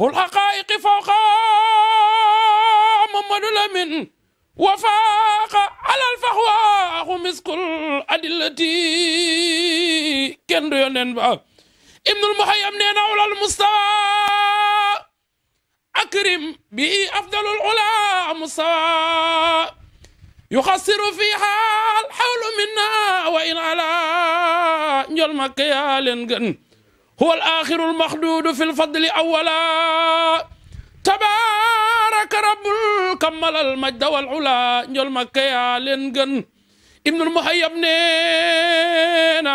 hul haqaa'iqi fawqa Mamadou Lamine wafaaqa alal faxwaaxu miskul adillati kenn du yoneen ba ibnul muhayyam nee na ulal mustawa akrim bi afdalul ula mustawa yuxassiru fiiha al xawlu minna wa in ala njol makka yaa leen gën huwa al axiru al maxduudu fi lfadli awala tabaraka rabbul kammalal majda wal ula njol makke yaa leen gën ibnul muhayyab neena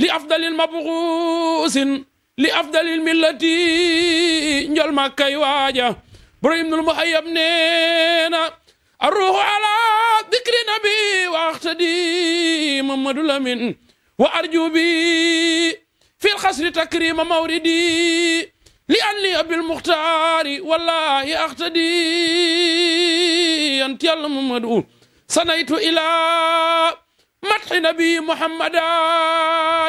li afdalil mabxuusin li afdalil millati njol makkay waaja boro ibnul muhayyab neena arruuxu ala dikri nabi waxtadi mamadou lamin wa arju bi في الخسر تكريم موردي لأني أبي المختار والله أقتدي أنت يا محمد سنيت إلى مدح نبي محمد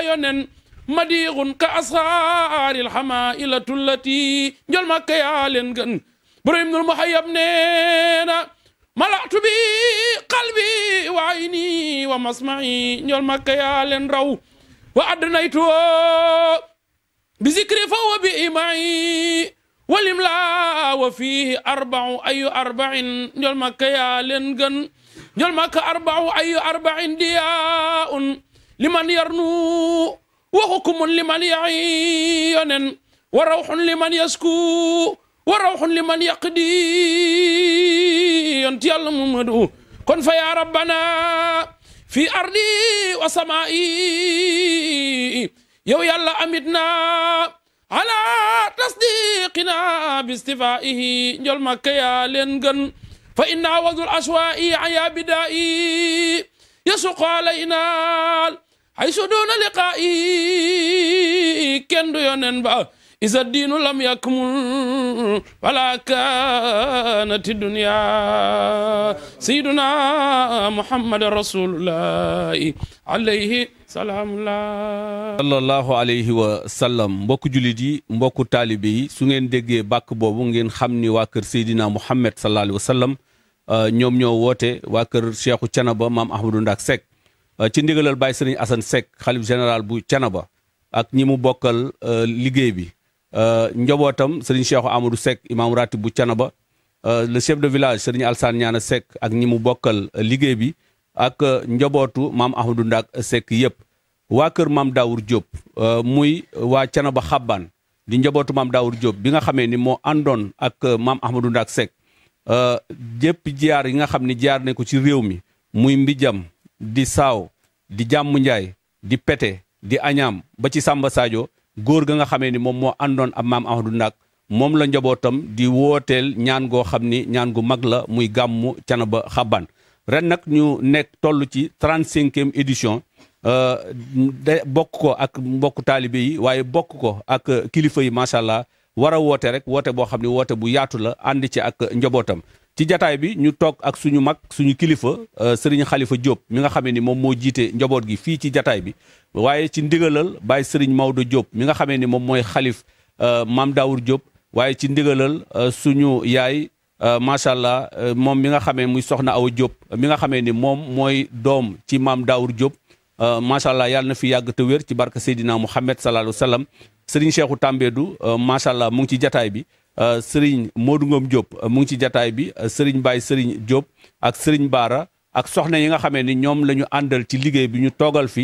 يونن مديغ كأسرار الحمائلة التي جل ما كيالن جن بريم المحيب نينا ملأت بي قلبي وعيني ومسمعي جل ما كيالن رو wa adnaytu bi zikri fa wa bi imai walim laa wa fiihi arbau ayu arbain njol makka yaa leen gën njol makka arbau ayu arbain diyaa un liman yarnu wa xukumun liman yai yonen wa rawxun liman yasku wa rawxun liman yaqdi yon ti yàlla mu madu kon fa yaa rabbana fi ardi wa samaa'i yow yàlla amitna ala tasdiqina bi istifaa'ihi njol makka yaa leen gën fa inna wadul aswaa'i aya bidaa'i yasuqu alayna haysu duna liqaa'i kenn du yonen ba isa diinu lam yakmul fala kanati dunya sayyiduna muhammadan rasulullahi alayhi salaamullah sallallahu mbokku jullit yi mbokku taalibe yi su ngeen déggee bàkk boobu ngeen xam ni waa kër Seydina Muhammad sallallahu alayhi wa sallam euh, ñoom ñoo woote waa kër Cheikhu Canaba maam Ahmadou Ndak sek euh, ci ndigalal Baye Serigne Assane sek xalif général bu Canaba ak ñi mu bokkal euh, liggéey bi Euh, njabootam sëriñ Cheikh Amadou Seck imam ratib bu Canaba euh, le chef de village sëriñ Alsaan Ñaana Seck ak ñi mu bokkal euh, liggéey bi ak njabootu maam Ahmadou Ndak Seck yëpp waa kër maam Daour Diop muy waa Canaba Xabbaan di njabootu maam Daour Diop bi nga xamee ni moo àndoon ak maam Ahmadou Ndak Seck jépp jiyaar yi nga xam ni jaar nañ ko ci réew mi muy Mbijam di Saaw di Jàmmu Njaay di Pete di Añaam ba ci Samba Sadio góor ga nga xame ni moom moo àndoon ab maam Ahmadou Ndak moom la njabootam di wooteel ñaan goo xam ni ñaan gu mag la muy gàmmu cana ba Xaban ren nag ñu nekk toll ci trente-cinquième édition euh, da bokk ko ak mbokk taalibe yi waaye bokk ko ak kilifa yi macha allah war a woote rek woote boo xam ne woote bu yaatu la ànd ci ak njabootam ci jataay bi ñu toog ak suñu mag suñu kilifa euh, sëriñ xalifa Diop mi nga xame ni moom moo jiite njaboot gi fii ci jataay bi waaye ci ndigalal Baye sëriñ Maodo Diop mi nga xamee ni moom mooy xalif euh, maam Daour Diop waaye ci ndigalal euh, suñu yaay macha allah moom mi nga xamee muy soxna Awa Diop mi nga xamee ni moom mooy doom ci maam daawur Diop macha allah yàlla na fi yàgg te ci barke Seydina Mouhamed salaahu salaam sëriñ Cheikhou Tambédou macha allah mu ngi ci jataay bi. Euh, Serigne Modou Ngom Diop euh, mu ngi ci jataay bi euh, Serigne Baye Serigne Diop ak Serigne Baara ak soxna yi nga xamee ni ñoom la ñu àndal ci liggéey bi ñu toogal fi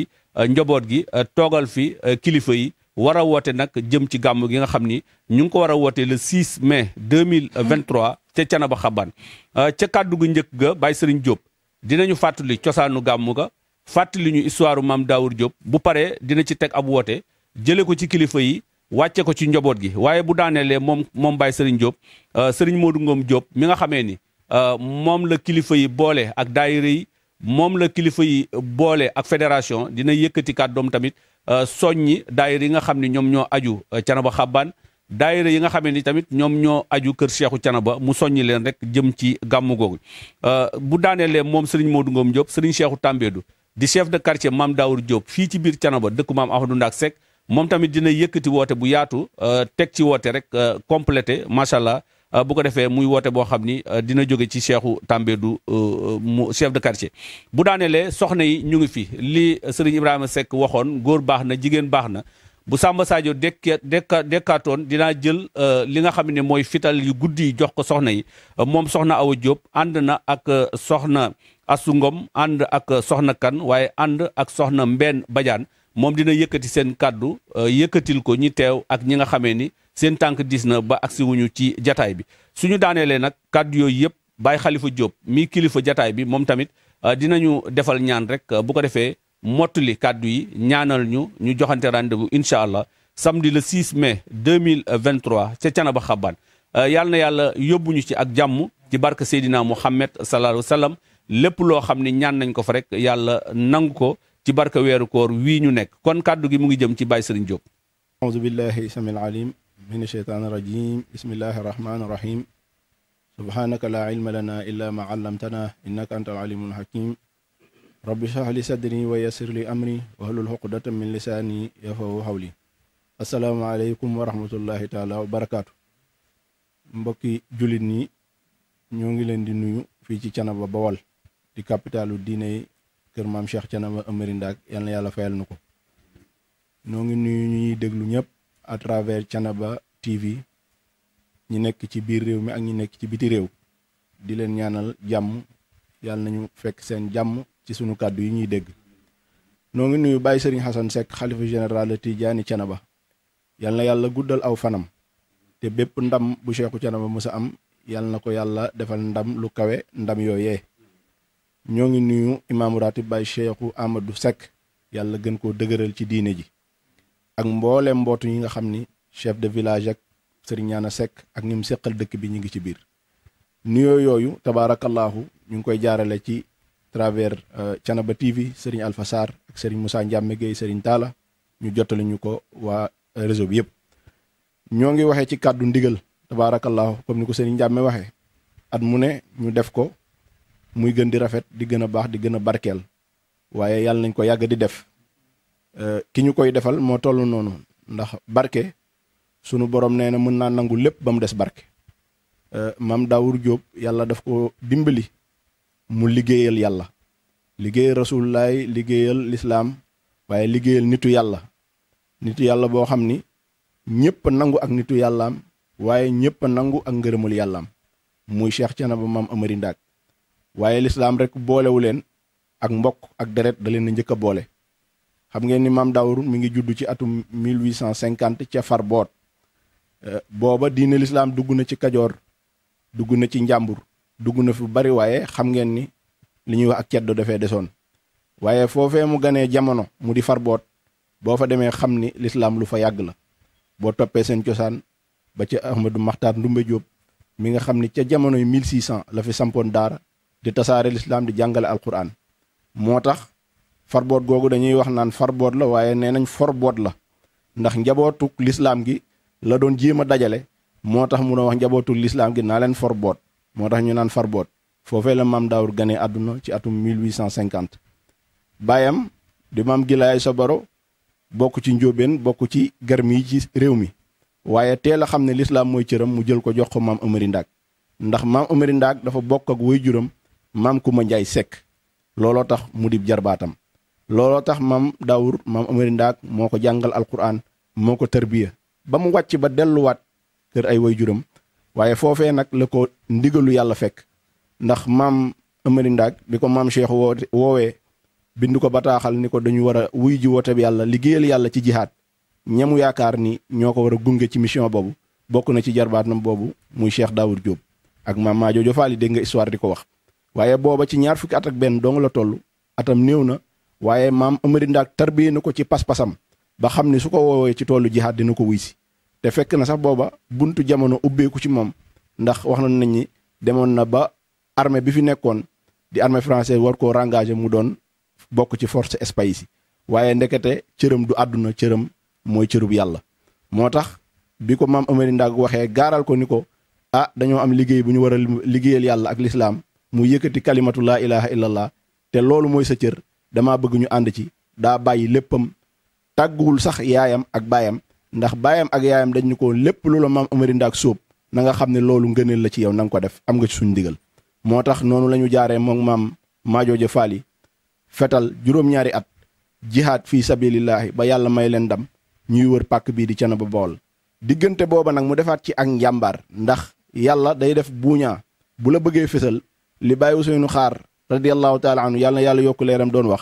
njaboot gi toogal fi kilifa yi war a woote nag jëm ci gàmm gi nga xam ni ñu ngi ko war a woote le 6 mai 2023 ca Canaba Xaban ca kàddu gu njëkk ga Baye Serigne Diop dinañu fàttali cosaanu gàmm ga fàttali ñu histoire maam Daawur Diop bu paree dina ci teg ab woote jële ko ci kilifa yi wàcce ko ci njaboot gi waaye bu daaneelee moom moom Baye Serigne Diop euh, Serigne Modou Ngom Diop mi nga xamee ni euh, moom la kilifa yi boole ak daayira yi moom la kilifa yi boole ak fédération dina yëkkati doom tamit euh, soññi daayira yi nga xam ne ñoom ñoo aju Canaba xabban daayira yi nga xamee ni tamit ñoom ñoo aju kër Seexu Canaba mu soññi leen rek jëm ci gàmmu googu bu daanelee moom Serigne Modou Ngom Diop Serigne Seexu Tambédou di chef de quartier Mame Daour Diop fii ci biir Canaba dëkku maam Ahmadou Ndak Seck moom tamit dina yëkkati woote bu yaatu euh, teg ci woote rek euh, complété macha allah euh, bu ko defee muy woote boo xam ni dina jóge ci cheikhu Tambédou mu chef de quartier. bu daaneele soxna yi ñu ngi fi li Serigne Ibrahima Seck waxoon góor baax na jigéen baax na bu Samba Sadio dekk dekka dekkaatoon dinaa jël li nga xam ne mooy fital yu guddi yi jox ko soxna yi moom soxna Awa Diop ànd na ak soxna Assou Ngom ànd ak soxna Kan waaye ànd ak soxna Mbène Badiane. moom dina yëkkati seen kàddu euh, yëkkatil ko ñi teew ak ñi nga xamee ni seen tànk dis na ba agsi wuñu ci jataay bi suñu daaneelee nag kàddu yooyu yëpp Baye Khalifa Diop mii kilifa jataay bi moom tamit euh, dinañu defal ñaan rek euh, bu ko defee mottali kàddu yi ñaanal ñu ñu joxante rendez-vous incha allah samedi le 6 mai 2023 ca Canaba Xaban yàlla na yàlla yóbbuñu ci ak jàmm ci barke Seydina Mouhamed sallallahu alayhi wa lépp loo xam ne ñaan nañ ko fa rek yàlla nangu ko ci barka weeru koor wii ñu nekk kon kàddu gi mu ngi jëm ci Baye Serigne Diop aouzu billahi samil alim min asheytaan irajim bismillahi arrahmani irrahim subhanaka laa ilma lana illa ma allamtana innaka anta alalimul hakim rabbi shrah li sadri wa yassir li amri wahlul uqdatan min lisaani yafqahu qawli asalaamaaleykum wa rahmatullahi taala wa barakaatu mbokki jullit ñi ñoo ngi leen di nuyu fii ci Canaba Bawal di capitalu kër maam Cheikh Thiénaba Amary Ndack yal na yàlla fayal nu ko noo ngi nuyu ñu ñuy déglu ñëpp à travers Thiénaba TV ñi nekk ci biir réew mi ak ñi nekk ci biti réew di leen ñaanal jàmm yàlla nañu fekk seen jàmm ci sunu kàddu yi ñuy dégg noo ngi nuyu Baye Serigne Hassan Seck xalifa général de Tidiane Thiénaba yal na yàlla guddal aw fanam te bépp ndam bu Cheikhu Thiénaba mësa am yal na ko yàlla defal ndam lu kawe ndam yooyee ñoo ngi nuyu imaamu ratib bay Cheikhu Amadou Seck yàlla gën koo dëgëral ci diine ji ak mboolem mbootu ñi nga xam ni chef de village ak sëriñ ñaana Seck ak ñi mu seqal dëkk bi ñu ngi ci biir nuyoo yooyu tabaarakallaahu ñu ngi koy jaarale ci travers euh, Thiénaba TV sëriñ Alpha Sarr ak sëriñ Moussa Gueye sëriñ Talla ñu jottali ñu ko waa euh, réseau bi yëpp ñoo ngi waxee ci kàddu ndigal tabaarakallaahu comme ni ko sëriñ Ndiame waxee at mu ne ñu def ko muy gën di rafet di gën a baax di gën a barkeel waaye yàlla nañ ko yàgg di def euh, ki ñu koy defal moo toll noonu ndax barke sunu borom nee na mën naa nangu lépp ba mu des barke euh, maam Daawur Jóob yàlla daf ko dimbali mu liggéeyal yàlla liggéeyal rasulullaay liggéeyal lislaam waaye liggéeyal nitu yàlla nitu yàlla boo xam ni ñëpp nangu ak nitu yàllaam waaye ñëpp nangu ak ngërëmul yàllaam muy Cheikh Thiénaba maam Amary Ndaak waaye lislaam rek boolewu leen ak mbokk ak deret da leen a njëkk a boole xam ngeen ni maam Daawur mi ngi juddu ci atum 1850 ca Farboot eh, booba diine lislaam dugg na ci Kajoor dugg na ci Njàmbur dugg na fi bari waaye xam ngeen ni li ñuy wax ak ceddo dafee desoon waaye foofee mu ganee jamono mu di Farboot boo fa demee xam ni lislaam lu fa yàgg la boo toppee seen cosaan ba ca ci Ahmadou Maxtaar Ndumbe Jóob mi nga xam ni ca jamonoy 1600 la fi sampoon daara di tasaare lislaam di jàngale alquran moo tax farboot googu dañuy wax naan farboot la waaye nee nañ forboot la ndax njabootuk lislaam gi la doon jéem a dajale moo tax mu doon wax njabootuk lislaam gi naa leen for boot moo tax ñu naan farboot foofee la maam daawur gane àdduna ci atum 1850 baayam di maam gilaay soboro bokk ci njóobeen bokk ci garmi yi ci réew mi waaye teel a xam ne lislaam mooy cëram mu jël ko jox ko maam amari ndaag ndax maam dafa bokk ak way juram maam Kumba Njaay Sekk looloo tax mu di jarbaatam looloo tax maam Daawur maam Amari Ndaak moo ko jàngal al alquran moo ko tarbiya ba mu wàcc ba delluwaat kër ay juram waaye foofee nag la ko ndigalu yàlla fekk ndax maam Amari Ndaak bi ko maam Cheikh woo woowee bind ko bataaxal ni ko dañu war a wuy ji woote bi yàlla liggéeyal yàlla ci jihaad ñamu yaakaar ni ñoo ko war a gunge ci mission boobu bokk na ci jarbaatam boobu muy Cheikh Daawur Jóob ak maam Maajo Jofaali dégg nga histoire di ko wax waaye booba ci ñaar fukki at benn dong la toll atam néew na waaye maam Amari Ndaak tarbiyee na ko ci pas-pasam ba xam ni su ko woowee ci toolu jihaad dina ko wuy si te fekk na sax booba buntu jamono ubbeeku ci moom ndax wax nañ ni demoon na ba armée bi fi nekkoon di armée française war ko rengagé mu doon bokk ci force Espagne si waaye ndekete cërëm du àdduna cëram mooy cërub yàlla moo tax bi ko maam Amari Ndaak waxee gaaral ko ni ko ah dañoo am liggéey bu ñu war a liggéeyal yàlla ak lislaam mu yëkkati kalimatu laa ilaha illallah te loolu mooy sa cër damaa bëgg ñu ànd ci daa bàyyi léppam tàgguwul sax yaayam ak baayam ndax baayam ak yaayam dañu ñu ko lépp lu la maam Amari sóob nanga xam ne loolu ngëneel la ci yow na nga ko def am nga ci suñu digal moo tax noonu la ñu jaaree moom maam Maajooja Faal yi fetal juróom-ñaari at jihaad fii sabilillaahi ba yàlla may leen ndam ñuy wër pàkk bii di ca Canaba Bawol diggante booba nag mu defaat ci ak njàmbaar ndax yàlla day def buuñaa bu la li bàyyi wu Ousseynou Xaar radiallahu taala anhu yàlla yàlla yokk leeram doon wax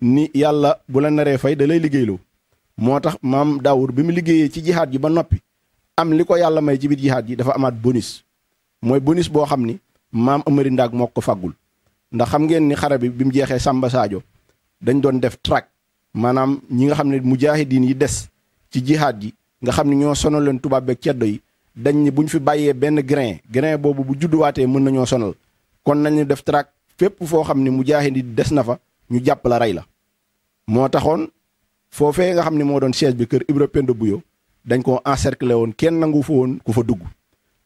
ni yàlla bu la naree fay da lay liggéeyloo moo tax maam Daawud bi mu liggéeyee ci jihaat ji ba noppi am li ko yàlla may ci biir jihaat ji dafa amaat bonus mooy bonus boo xam ni maam Amari Ndaag moo ko faggul ndax xam ngeen ni xare bi bi mu jeexee Samba Sadio dañ doon def track maanaam ñi nga xam ne mujaahidiin yi des ci jihaat ji nga xam ne ñoo sonal leen tubaab beek ceddo yi dañ ni buñ fi bàyyee benn grain grain boobu bu judduwaatee mën nañoo sonal kon nañu def track fépp foo xam ne mujaahid ni des na fa ñu jàpp la rey la moo taxoon foofee nga xam ne moo doon siège bi kër Ibra Penda Buyo dañ ko encercler woon kenn nangu fa woon ku fa dugg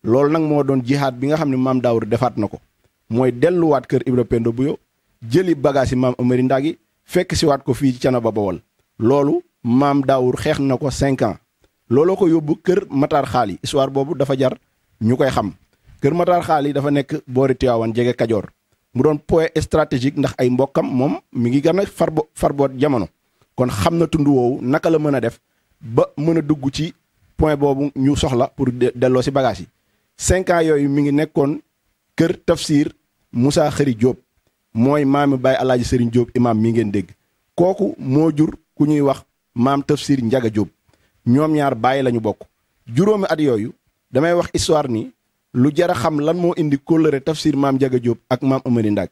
loolu nag moo doon jihaad bi nga xam ne maam Daawur defaat na ko mooy delluwaat kër Ibra Penda Buyo jëli bagage yi maam Amari Ndag yi fekk si waat ko fii ci Canaba Bawol loolu maam Daawur xeex na ko cinq looloo ko yóbbu kër Matar Xaali histoire boobu dafa jar ñu koy xam Kër Matar xaali dafa nekk boori Tiwaawan jege Kajoor mu doon point stratégique ndax ay mbokkam moom mi ngi gën a farbo farboot jamono kon xam na tund woowu naka la mën a def ba mën a dugg ci point boobu ñu soxla pour delloo si bagage yi cinq yooyu mi ngi nekkoon kër tafsir Moussa Xëri jóob mooy maami Baye Alaaji Sëriñ Diop imaam mi ngeen dégg kooku moo jur ku ñuy wax maam tafsir Njaga Diop ñoom ñaar bàyyi la ñu bokk juróomi at yooyu damay wax histoire ni lu jar a xam lan moo indi kóllëre tafsir maam Jaga Diop ak maam Amari Ndaaj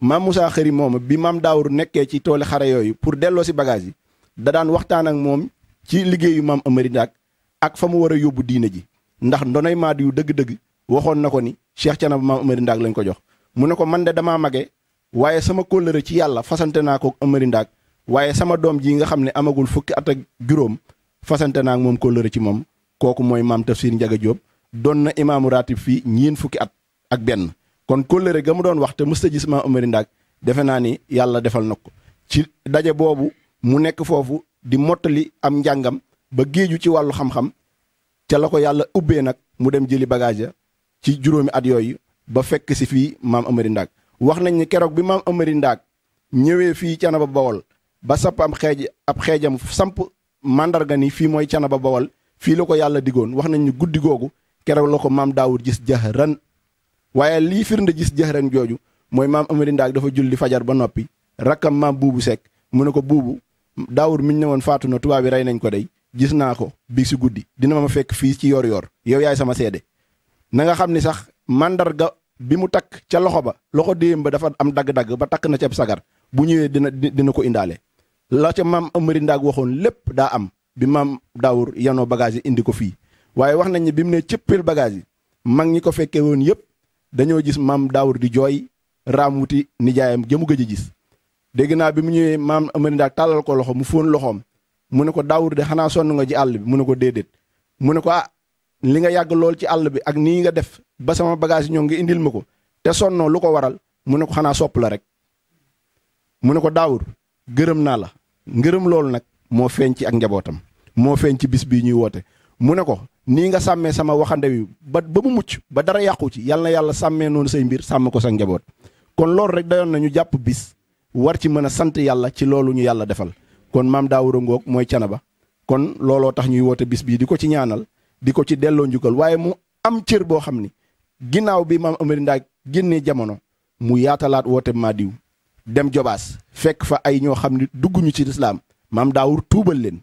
maam Moussa Xëri mooma bi maam Daawur nekkee ci tooli xare yooyu pour delloo si bagage yi da daan waxtaan ak moom ci liggéeyu maam Amari Ndaaj ak fa mu war a yóbbu diine ji ndax ndonay maad yu dëgg-dëgg waxoon na ko ni Cheikh Canaba maam Amari Ndaaj lañ ko jox mu ne ko man de damaa mage waaye sama kóllëre ci yàlla fasante naa ko Amari Ndaaj waaye sama doom jii nga xam ne amagul fukki at ak juróom fasante naa moom kóllëre ci moom kooku mooy maam Njaga Diop doon na imaamu ratib fii ñiin fukki at ak benn kon kóllëre ga mu doon waxte te mësta gis maam Amari Ndaak defe naa ni yàlla defal na ko ci daje boobu mu nekk foofu di mottali am njàngam ba géeju ci wàllu xam-xam te la ko yàlla ubbee nag mu dem jëli bagage ci juróomi at yooyu ba fekk si fii maam Amari Ndaak wax nañ ni keroog bi maam Amari ndaag ñëwee fii ca Canaba Bawol ba sapp am xeej ab xeejam samp mandarga ni fii mooy ca Canaba Bawol fii la ko yàlla digoon wax nañ ni guddi googu keroog la ko maam daawud gis jaxran waaye lii firnde gis jaxran jooju mooy maam amari ndaag dafa julli fajar ba noppi rakkam maam buubu sekk mu ne ko buubu daawur miñ ne woon faatu na tubaab bi rey nañ ko dey gis naa ko bii si guddi dina ma fekk fii ci yoor yoor yow yaay sama seede nanga xam ni sax màndarga bi mu takk ca loxo ba loxo déem ba dafa am dagg-dagg ba takk na ca sagar bu ñëwee dina dina ko indaale la ca maam amari ndaag waxoon lépp daa am bi maam daawur yanoo bagage indi ko fii waaye wax nañ ne bi mu ne cëppeel bagage yi mag ñi ko fekkee woon yëpp dañoo gis maam daawur di jooy raam wuti nijaayam jëmu gëj a gis dégg naa bi mu ñëwee maam amari ndaak tàllal ko loxo mu fóon loxoom mu ne ko daawur de xanaa sonn nga ci àll bi mu ne ko déedéet mu ne ko ah li nga yàgg lool ci àll bi ak nii nga def ba sama bagage ñoo nga indil ma ko te sonnoo lu ko waral mu ne ko xanaa sopp la rek mu ne ko daawur gërëm naa la ngërëm loolu nag moo feeñ ci ak njabootam moo feeñ ci bis bii ñuy woote mu ne ko nii nga sàmmee sama waxande wi ba ba mu mucc ba dara yàqu ci yàlla na yàlla sàmmee noonu say mbir sàmm ko sa njaboot kon loolu rek dayoon na ñu jàpp bis war ci mën a sant yàlla ci loolu ñu yàlla defal kon maam daa Daawuda Ngoog mooy Canaba kon looloo tax ñuy woote bis bii di ko ci ñaanal di ko ci delloo njukkal waaye mu am cër boo xam ni ginnaaw bi maam Amari Ndaa génnee jamono mu yaatalaat woote Maadiw dem Jobaas fekk fa ay ñoo xam ni dugguñu ñu ci lislaam maam Daawur tuubal leen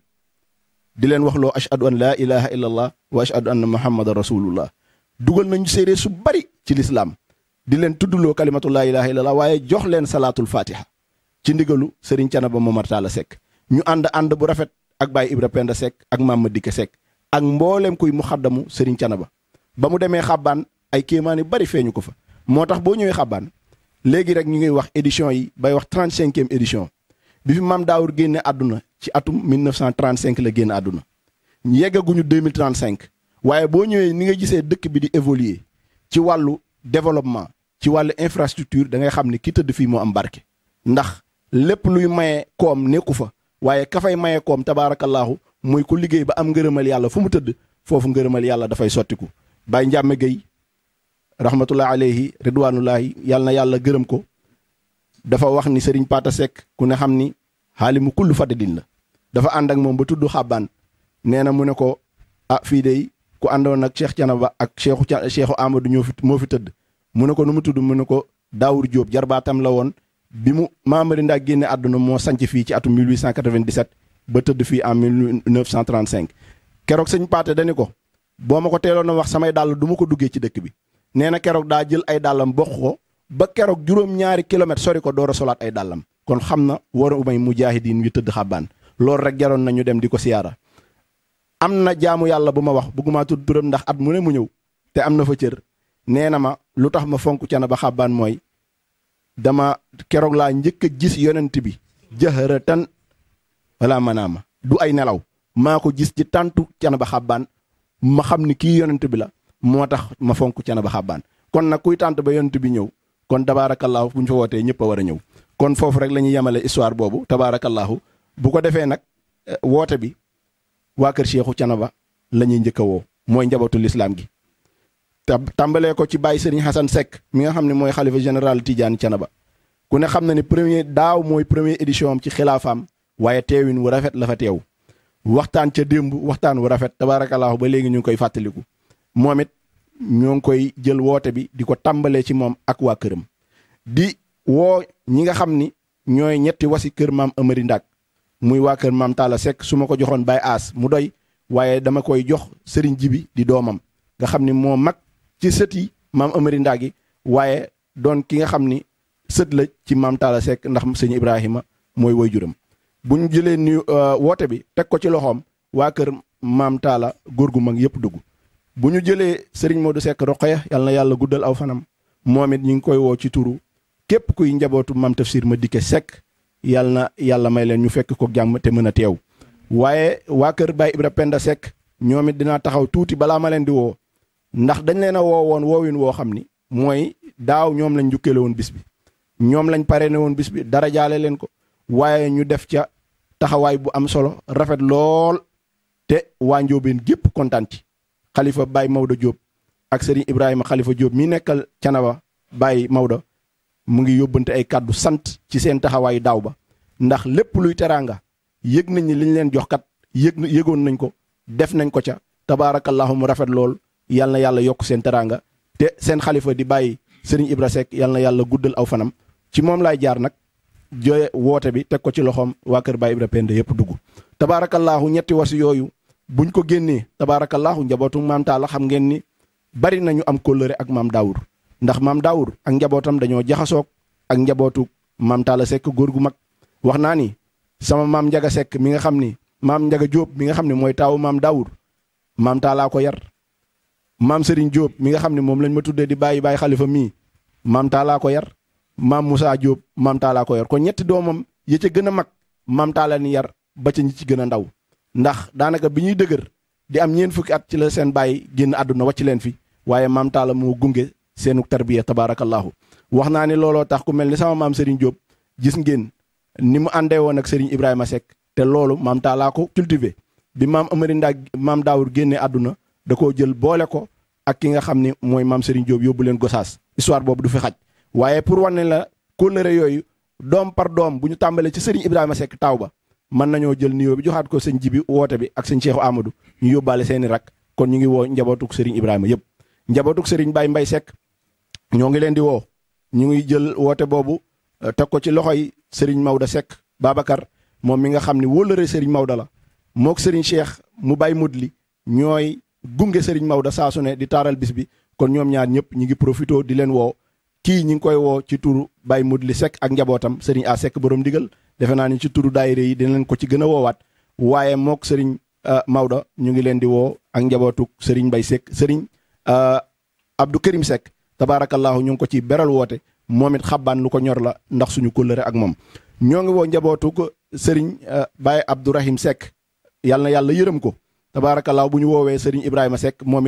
di leen wax loo ashadu an laa ilaha illa allah wa ashadu anna muhammadan rasulullah dugal nañu séeréer su bari ci lislaam di leen tudduloo kalimatu laa ilaha illa waaye jox leen salaatul fatiha ci ndigalu Serigne Thiénaba Momar Talla Seck ñu ànd ànd bu rafet ak baay Ibra Penda Seck ak Mame Madike Seck ak mboolem kuy mu Serigne Thiénaba ba mu demee xabbaan ay kéemaane bari feeñu ko fa moo tax boo ñëwee xabbaan léegi rek ñu ngi wax édition yi bay wax trente-cinquième édition bi fi maam Daawur génne àdduna ci atum 1935 la génn àdduna yeggaguñu 2035 waaye boo ñëwee ni nga gisee dëkk bi di évoluer ci wàllu développement ci wàllu infrastructure da ngay xam ne ki tëdd fii moo am barke. ndax lépp luy maye koom nekku fa waaye kafay fay maye koom tabaarakallaahu muy ku liggéey ba am ngërëmal yàlla fu mu tëdd foofu ngërëmal yàlla dafay sottiku. Baye Ndiame Gueye rahmatullahi aleyhi ridwanullahi yàlla na yàlla gërëm ko dafa wax ni Serigne Pata Seck ku ne xam ni. xaali mu kullu fadlin la dafa ànd moom ba tudd xàbbaan nee na mu ne ko ah fii de ku àndoon ak Cheikh Canaba ak Cheikhu Cheikhu Amadou ñoo fi moo fi tëdd mu ne ko nu mu tudd mu ne ko Daawur Jóob jarbaatam la woon bi mu Maamari Ndaa génne àdduna moo sanc fii ci atum 1897 ba tëdd fii en 1935 keroog sëñ Paate dani ko boo ma ko teeloon a wax samay dàll du ma ko duggee ci dëkk bi neena na keroog daa jël ay dàllam bokk ko ba keroog juróom-ñaari kilomètre sori ko door a solaat ay dàllam kon xam na war a may mujaahidiin yu tëdd xàbbaan loolu rek geroon nañu dem di ko siyaara am na jaamu yàlla bu ma wax bëgguma tudd turam ndax at mu ne mu ñëw te am na fa cër nee na ma lu tax ma fonk cana ba xàbbaan mooy dama keroog laa njëkk a gis yonent bi jëxëratan wala ma du ay nelaw maa ko gis ci tàntu cana ba ma xam ni kii yonent bi la moo tax ma fonk cana ba xàbbaan kon na kuy tànt ba yonent bi ñëw kon tabaarakallaahu bu ñu fa wootee ñëpp war a ñëw kon foofu rek lañuy ñuy yemale histoire boobu tabaarakallaahu bu ko defee nag eh, woote bi waa kër Cheikhu Canaba la ñuy njëkk a woo mooy njabootu lislaam gi tàmbalee ko ci bàyyi Serigne Hassan Seck mi nga xam ne mooy xalifa général Tidiane ba ku ne xam na ni premier daaw mooy premier édition ci xilaafaam waaye teewin wu rafet la fa teew waxtaan ca démb waxtaan wu rafet tabaarakallaahu ba léegi ñu ngi koy fàttaliku moom it ñoo ngi koy jël woote bi di ko tàmbalee ci moom ak waa këram woo ñi nga xam ni ñooy ñetti wasi kër maam Amari Ndak muy waa kër maam Talla Seck su ma ko joxoon Baye Aas mu doy waaye dama koy jox sëriñ Jibi di doomam nga xam ni moo mag ci sëti maam Amari Ndak yi waaye doon ki nga xam ni sët la ci maam Talla Seck ndax sëñ Ibrahima mooy woy juram bu ñu jëlee nuyu euh, woote bi teg ko ci loxoom waa kër maam Talla góor gu mag yëpp dugg bu ñu jëlee sëriñ Modou Seck Roqaya yàlla na yàlla guddal aw fanam moom it ñu ngi koy woo ci turu képp kuy njabootu maam ma Madické Seck yàlla na yàlla may leen ñu fekk ko jàmm te mën a teew waaye waa kër Baye Ibra Penda Seck ñoom it dinaa taxaw tuuti balaa ma leen di woo ndax dañ leen a woo woon woowin woo xam ni mooy daaw ñoom lañ njukkeele woon bis bi ñoom lañ pare ne woon bis bi dara jaale leen ko waaye ñu def ca taxawaay bu am solo rafet lool te waa Njóobeen gépp kontaan ci xalifa baay Maodo jóob ak Serigne Ibrahima xalifa jóob mi nekkal canaba Baye Maodo mu ngi yóbbante ay kàddu sant ci seen taxawaayu daaw ba ndax lépp luy teraanga yëg nañ ni li leen jox kat yëg yëgoon nañ ko def nañ ko ca tabaarakallahu mu rafet lool yal na yàlla yokk seen teraanga te seen xalifa di bàyyi Serigne Ibra Seck yal na yàlla guddal aw fanam ci moom laay jaar nag joye woote bi teg ko ci loxoom waa kër Baye Ibra Penda yëpp dugg tabaarakallahu ñetti wasi yooyu buñ ko génnee tabaarakallahu njabootu maam taala xam ngeen ni bari nañu am kóllëre ak maam Daawur ndax maam Daawur ak njabootam dañoo jaxasoog ak njabootu maam Talla Seck góor gu mag wax naa ni sama maam Njaga Seck mi nga xam ni maam Njaga Jóob mi nga xam ne mooy taawu maam Daawur maam Talla ko yar maam Serigne Jóob mi nga xam ne moom lañ ma tuddee di bàyyi bàyyi xalifa mii maam Talla ko yar maam Moussa Jóob maam Talla ko yar kon ñetti doomam ya ca gën a mag maam Talla ni yar ba ca ñi ci gën a ndaw ndax daanaka bi ñuy dëgër di am ñeen fukki at ci la seen bàyyi génn àdduna wàcc leen fi waaye maam Talla gunge seenu tarbiya tabaarakallaahu wax naa ne looloo tax ku mel ni sama maam Serigne Diop gis ngeen ni mu àndee woon ak Serigne Ibrahima sek te loolu maam taalaa ko cultivé bi maam Amari Ndaa maam Daawur génne àdduna da koo jël boole ko ak ki nga xam ni mooy maam Serigne Diop yóbbu leen Gosaas histoire boobu du fi xaj waaye pour wane la kóllëre yooyu doom par doom bu ñu tàmbalee ci Serigne Ibrahima Seck taw ba mën nañoo jël nuyoo bi joxaat ko sëñ Jibi woote bi ak sëñ Cheikhu Amadou ñu yóbbaale seeni rak kon ñu ngi woo njabootuk Serigne Ibrahima yëpp njabootuk Serigne Baye Mbaye Seck ñoo ngi leen di woo ñu ngi jël woote boobu eh, teg ko ci loxoy Serigne Maodo sekk Babacar moom mi nga xam ne wóllëre Serigne Maodo la mook Serigne Cheikh mu bàyyi mudli ñooy gunge Serigne Maodo saa di taaral bis bi kon ñoom ñaar ñëpp ñu ngi profité di leen woo kii ñi ngi koy woo ci turu Baye Mudli Seck ak njabootam Serigne A Seck borom ndigal defe naa ni ci turu daayira yi dina leen ko ci gën a woowaat waaye mook Serigne eh, Maodo ñu ngi leen di woo ak njabootu Serigne Baye Seck Serigne eh, Abdou Karim Seck tabaarakallaahu ñu ngi ko ci beral woote moomit it xabbaan lu ko ñor la ndax suñu kóllëre ak moom ñoo ngi woo njabootu ko sëriñ euh, Baye Abdourahim Seck yàlla na yàlla yërëm ko tabaarakallaahu bu ñu woowee sëriñ Ibrahima Seck moom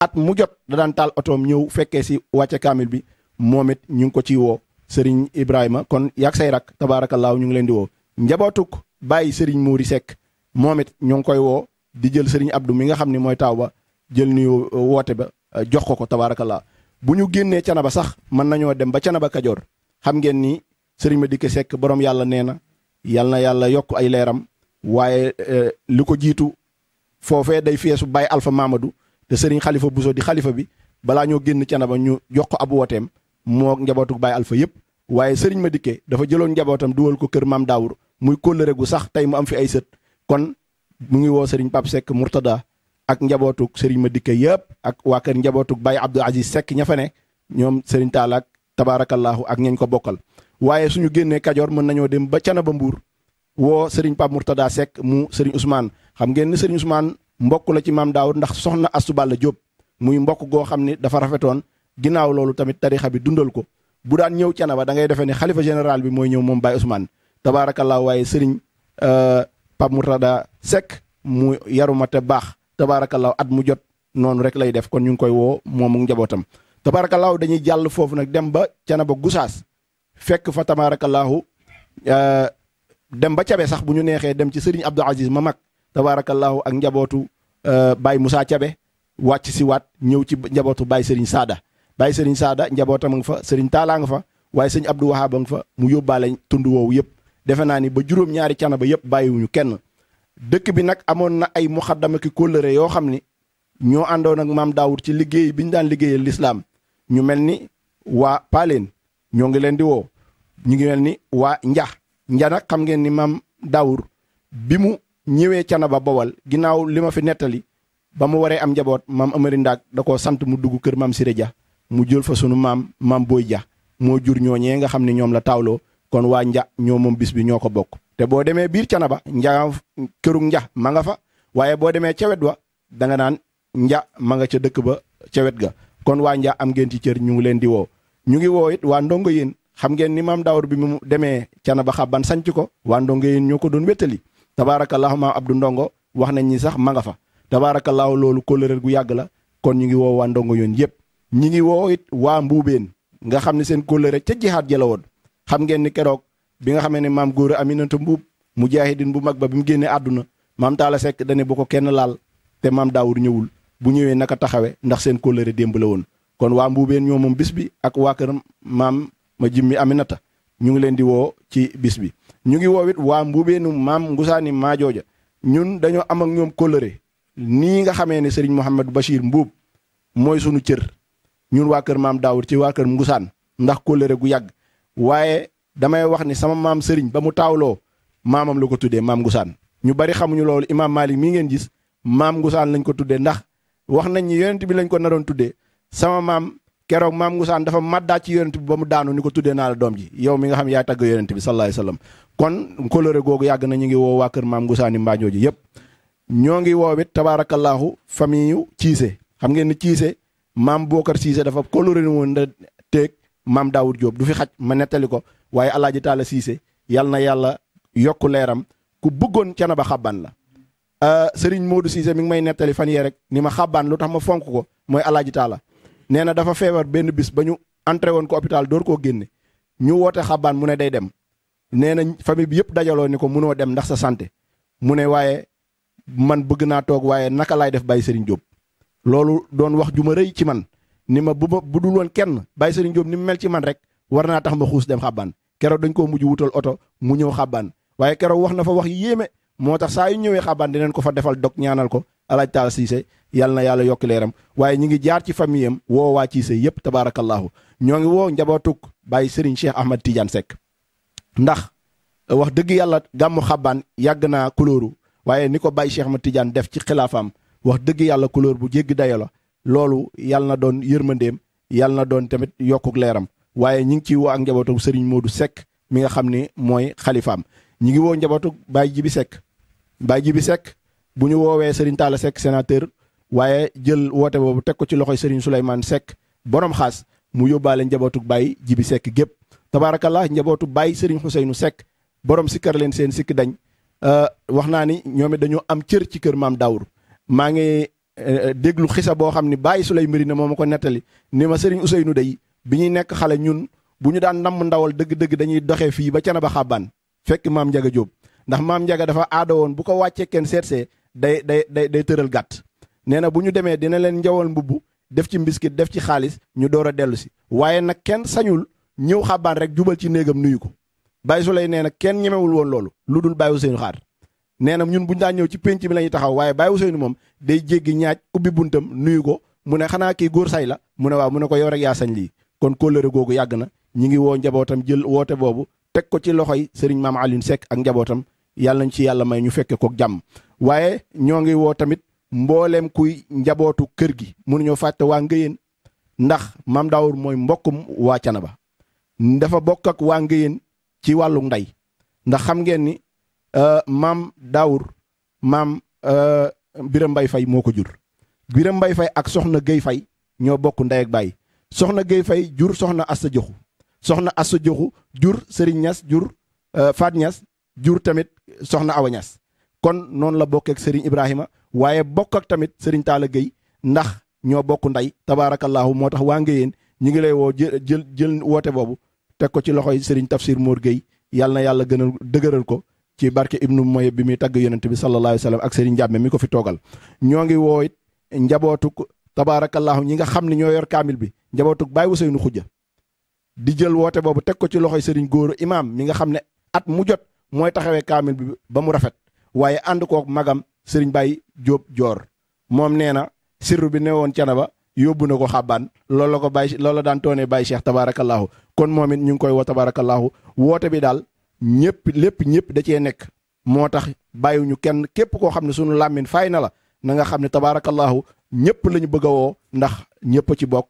at mu jot da daan taal otoom ñëw fekkee si wàcce kaamil bi moomit it ñu ngi ko ciy woo sëriñ Ibrahima kon yàgg say rak tabaarakallaahu ñu ngi leen di woo njabootuk bàyyi sëriñ Mouri Seck moom it ñu ngi koy woo di jël sëriñ Abdou mi nga xam ni mooy taaw jël nuyu woote ba euh, jox ko ko tabaarakallaahu bu ñu génnee canaba sax mën nañoo dem ba canaba kajoor xam ngeen nii ni ma Madické Seck boroom yàlla nee na yal na yàlla yokk ay leeram waaye eh, li ko jiitu foofee day feesu Baye alfa maamadu te sëriñ xalifa Bousso di xalifa bi balaa ñoo génn canaba ñu jox ko ab woteem moo njabootu Baye alfa yëpp waaye ma dikke dafa jëloon njabootam duwal ko kër maam Daawur muy kóllëre gu sax tey mu am fi ay sët kon mu ngi woo sëriñ Pape Seck Mourtada ak njabootuk sëriñ ma dikk yëpp ak waa kër njabootuk Baye Abdou Aziz sekk ña fa ne ñoom sëriñ Talla ak tabaarakallaahu ak ñañ ko bokkal waaye suñu génnee Kajoor mën nañoo dem ba Canaba Mbuur woo sëriñ Pape Mourtada Seck mu sëriñ Ousmane xam ngeen ne sëriñ Ousmane mbokk la ci maam Daawud ndax soxna Astu Balla Jóob muy mbokk goo xam ne dafa rafetoon ginnaaw loolu tamit tarixa bi dundal ko bu daan ñëw Canaba da ngay defee ne xalifa général bi mooy ñëw moom Baye Ousmane tabaarakallaahu waaye sëriñ euh, Pape Mourtada Seck mu yaruma te baax tabaarakallaahu at mu jot noonu rek lay def kon ñu ngi koy woo moomu njabootam tabaarakallaahu dañuy jàll foofu nag dem ba Canaba Gusaas fekk fa tabaarakallaahu euh, dem ba cabe sax bu ñu neexee dem ci Serigne Abdou Aziz ma mag tabaarakallaahu ak njabootu euh, Baye musaa Cabe wàcc si waat ñëw ci njabootu Baye Serigne Saada Baye Serigne Saada njabootam a nga fa Serigne Taalaa nga fa waaye sëñ Abdou Wahab a nga fa mu yóbbaale tund woowu yëpp defe naa ni ba juróom-ñaari Canaba yëpp bàyyiwuñu kenn. dëkk bi nag amoon na ay muxaddama ki kóllëre yoo xam ni ñoo àndoon ak maam Daawud ci liggéey bi ñu daan liggéeyal lislaam ñu mel ni waa Paaleen ñoo ngi leen di woo ñu ngi mel ni waa Njax Njax nag xam ngeen ni maam Daawud bi mu ñëwee ba Bawal ginnaaw li ma fi nettali ba mu waree am njaboot maam Amari Ndaak da koo sant mu dugg kër maam Siré Dia mu jël fa sunu maam maam booy Dia moo jur ñoo ñooñee nga xam ne ñoom la taawloo kon waa nja ñoo moom bis bi ñoo ko bokk te boo demee biir canaba nja kërug nja ma nga fa waaye boo demee ca wet wa da nga naan nja ma nga ca dëkk ba cawet ga kon waa nja am ngeen ci cër ñu ngi leen di woo ñu ngi woo it waa ndongo yéen xam ngeen ni maam daawur bi mu demee canaba xabban sanc ko waa ndongo yéen ñoo ko doon wéttali tabaarakallaahu maam abdu ndongo wax nañ ñi sax ma nga fa tabaarakallaahu loolu kóllëre gu yàgg la kon ñu ngi woo waa ndongo yéen yëpp ñi ngi woo it waa mbuubeen nga xam ne seen kóllëre ca jihaat ja woon xam ngeen ni keroog bi nga xamee ne maam góor mu Mbuub din bu mag ba bi mu génnee àdduna maam Talla Seck dane bu ko kenn laal te maam Daawur ñëwul bu ñëwee naka taxawe ndax seen kóllëre démb la woon kon waa mbuubeen ñoo moom bis bi ak waa kër maam ma jimmi Aminata ñu ngi leen di woo ci bis bi ñu ngi woowit waa mbuubeenu maam ngusaani maajooja ñun dañoo am ak ñoom kóllëre nii nga xamee ne Serigne Mouhamadou Bachir Mbuub mooy sunu cër ñun waa kër maam Daawur ci waa kër ngusaan ndax kóllëre gu yàgg waaye damay wax ni sama maam sëriñ ba mu taawloo maamam la ko tuddee maam ngusaan ñu bari xamuñu loolu imaam Malik mii ngeen gis maam ngusaan lañ ko tuddee ndax wax nañ ñi yonent bi lañ ko naroon tuddee sama maam keroog maam ngusaan dafa daa ci yonent bi ba mu daanu ni ko tuddee naa la doom ji yow mi nga xam yaay tagg yonent bi sallallahu alayhi wasallam kon kóllëre googu yàgg na ñu ngi woo waa kër maam ngusaani mbaajoo ji yëpp ñoo ngi woowit tabaarakallaahu famille yu ciise xam ngeen ni ciise maam bookar ciise dafa kóllëre woon maam Daoud jóob du fi xaj ma nettali ko waaye alaaji taala siise yal na yàlla yokku leeram ku bëggoon Thiénaba xabbaan la euh, sëriñ Modou Cissé mi ngi may nettali fan yee rek ni ma xabbaan lu tax ma fonk ko mooy alaaji taala nee na dafa feebar benn bis ba ñu entré woon ko hôpital door koo génne ñu woote xabbaan mu ne day dem nee na famille bi yëpp dajaloo ni ko munoo dem ndax sa santé mu ne waaye man bëgg naa toog waaye naka laay def bàyyi sëriñ jóob loolu doon wax ju ma ci man ni ma bu ma bu dul woon kenn bàyyi sëriñ Diop ni mu mel ci man rek war naa tax ma xuus dem xabbaan keroog dañ koo mujj wutal oto mu ñëw xabbaan waaye kero wax na fa wax yéeme moo tax saa yu ñëwee xabbaan dinañ ko fa defal dog ñaanal ko alaaj taala siise yàlla na yàlla yokk leeram waaye ñi ngi jaar ci famille am woo waa ciise yëpp tabaarakallaahu ñoo ngi woo njabootug bàyyi sëriñ Cheikh Ahmad Tidiane sek ndax wax dëgg yàlla gàmmu xabbaan yàgg naa kulóoru waaye ni ko bàyyi Cheikh Ahmad Tidiane def ci xilaafaam wax dëgg yàlla couleur bu jéggi dayo la loolu yàlla na doon yërmandeem yàlla na doon tamit yokkuk leeram waaye ñi ngi ciy woo ak njabootu Serigne Modou Seck mi nga xam ne mooy xalifaam ñi ngi woo njabootu Baye Jibi Seck Baye Jibi sekk bu ñu woowee Serigne Talla sekk sénateur waaye jël woote boobu teg ko ci loxoy Serigne Souleymane sekk borom xaas mu yóbbaale njabootu Baye Jibi Seck gépp tabaarakallah njabootu Baye Serigne Ousseynou sekk borom sikkar leen seen sikki dañ euh, wax naa ni ñoomi it dañoo am cër ci kër maam Daawur Eh, eh, déglu xisa boo xam ni bàyyi sulay lay mbiri ne moo ma ko nettali ni ma sëriñ Ousseynou day bi ñuy nekk xale ñun bu ñu daan namm ndawal dëgg-dëgg dañuy doxee fii ba cana ba xàbbaan fekk maam Njaga Jóob ndax maam Njaga dafa aada woon bu ko wàccee kenn seetsee day day day day tëral gàtt nee na bu ñu demee dina leen njawal mbubbu def ci mbiskit def ci xaalis ñu door a dellu si waaye nag kenn sañul ñëw xàbbaan rek jubal ci néegam nuyu ko bàyyi su lay nee na kenn ñemewul woon loolu lu dul bàyyi Ousseynou xaar nee na ñun buñ daan ñëw ci penc mi la ñuy taxaw waaye Baye Ousseynou moom day jéggi ñaaj ubbi buntam nuyu ko mu ne xanaa kii góor say la mu ne waaw mu ne ko yow rek yaa sañ lii kon kóllëre googu yàgg na ñi ngi woo njabootam jël woote boobu teg ko ci loxoy sëriñ maam Alioune Seck ak njabootam yàlla nañ ci yàlla may ñu fekke ko jàmm waaye ñoo ngi woo tamit mbooleem kuy njabootu kër gi mënuñoo fàtte waa ngëyeen ndax maam daawur mooy mbokkum waa Canaba dafa bokk ak waa ngëyeen ci wàllu ndey Euh, maam Daawur maam euh, Biram Mbay Fay moo ko jur Biram Mbay Fay ak soxna Géy Fay ñoo bokk ndey ak baay soxna Géy Fay jur soxna Asta Joxu soxna Asta Joxu jur Sëriñ Ñas jur euh, Faat Ñas jur tamit soxna Awa Ñas kon noonu la bokkee ak Sëriñ Ibrahima waaye bokk ak tamit Sëriñ Taala Géy ndax ñoo bokk ndey tabaarakallaahu moo tax waa Ngéyeen ñu ngi lay woo jël jël woote boobu teg ko ci loxoy Sëriñ Tafsir Mor Géy yàlla na yàlla gënal dëgëral ko ci barke ibnu Moye bi muy tagg yonent bi sallallahu alayhi wa ak Serigne Ndiame mi ko fi toogal ñoo ngi woo it njabootuk tabaarakallaahu ñi nga xam ne ñoo yor kaamil bi njabootuk Baye Ousseynou Khoudia di jël woote boobu teg ko ci loxoy Serigne Góoru Imaam mi nga xam ne at mu jot mooy taxawee kaamil bi ba mu rafet waaye ànd kook magam sëriñ Baye Diop joor moom nee na sirru bi newoon Canaba yóbbu na ko xàbbaan loolu la ko Baye loolu la daan toonee Baye Cheikh tabaarakallaahu kon moom it ñu ngi koy woo tabaarakallaahu woote bi daal ñëpp lépp ñëpp da cee nekk moo tax bàyyiwuñu kenn képp koo xam ne sunu làmmin fay na la na nga xam ne tabaarakallaahu ñëpp la ñu bëgg a woo ndax ñëpp ci bokk.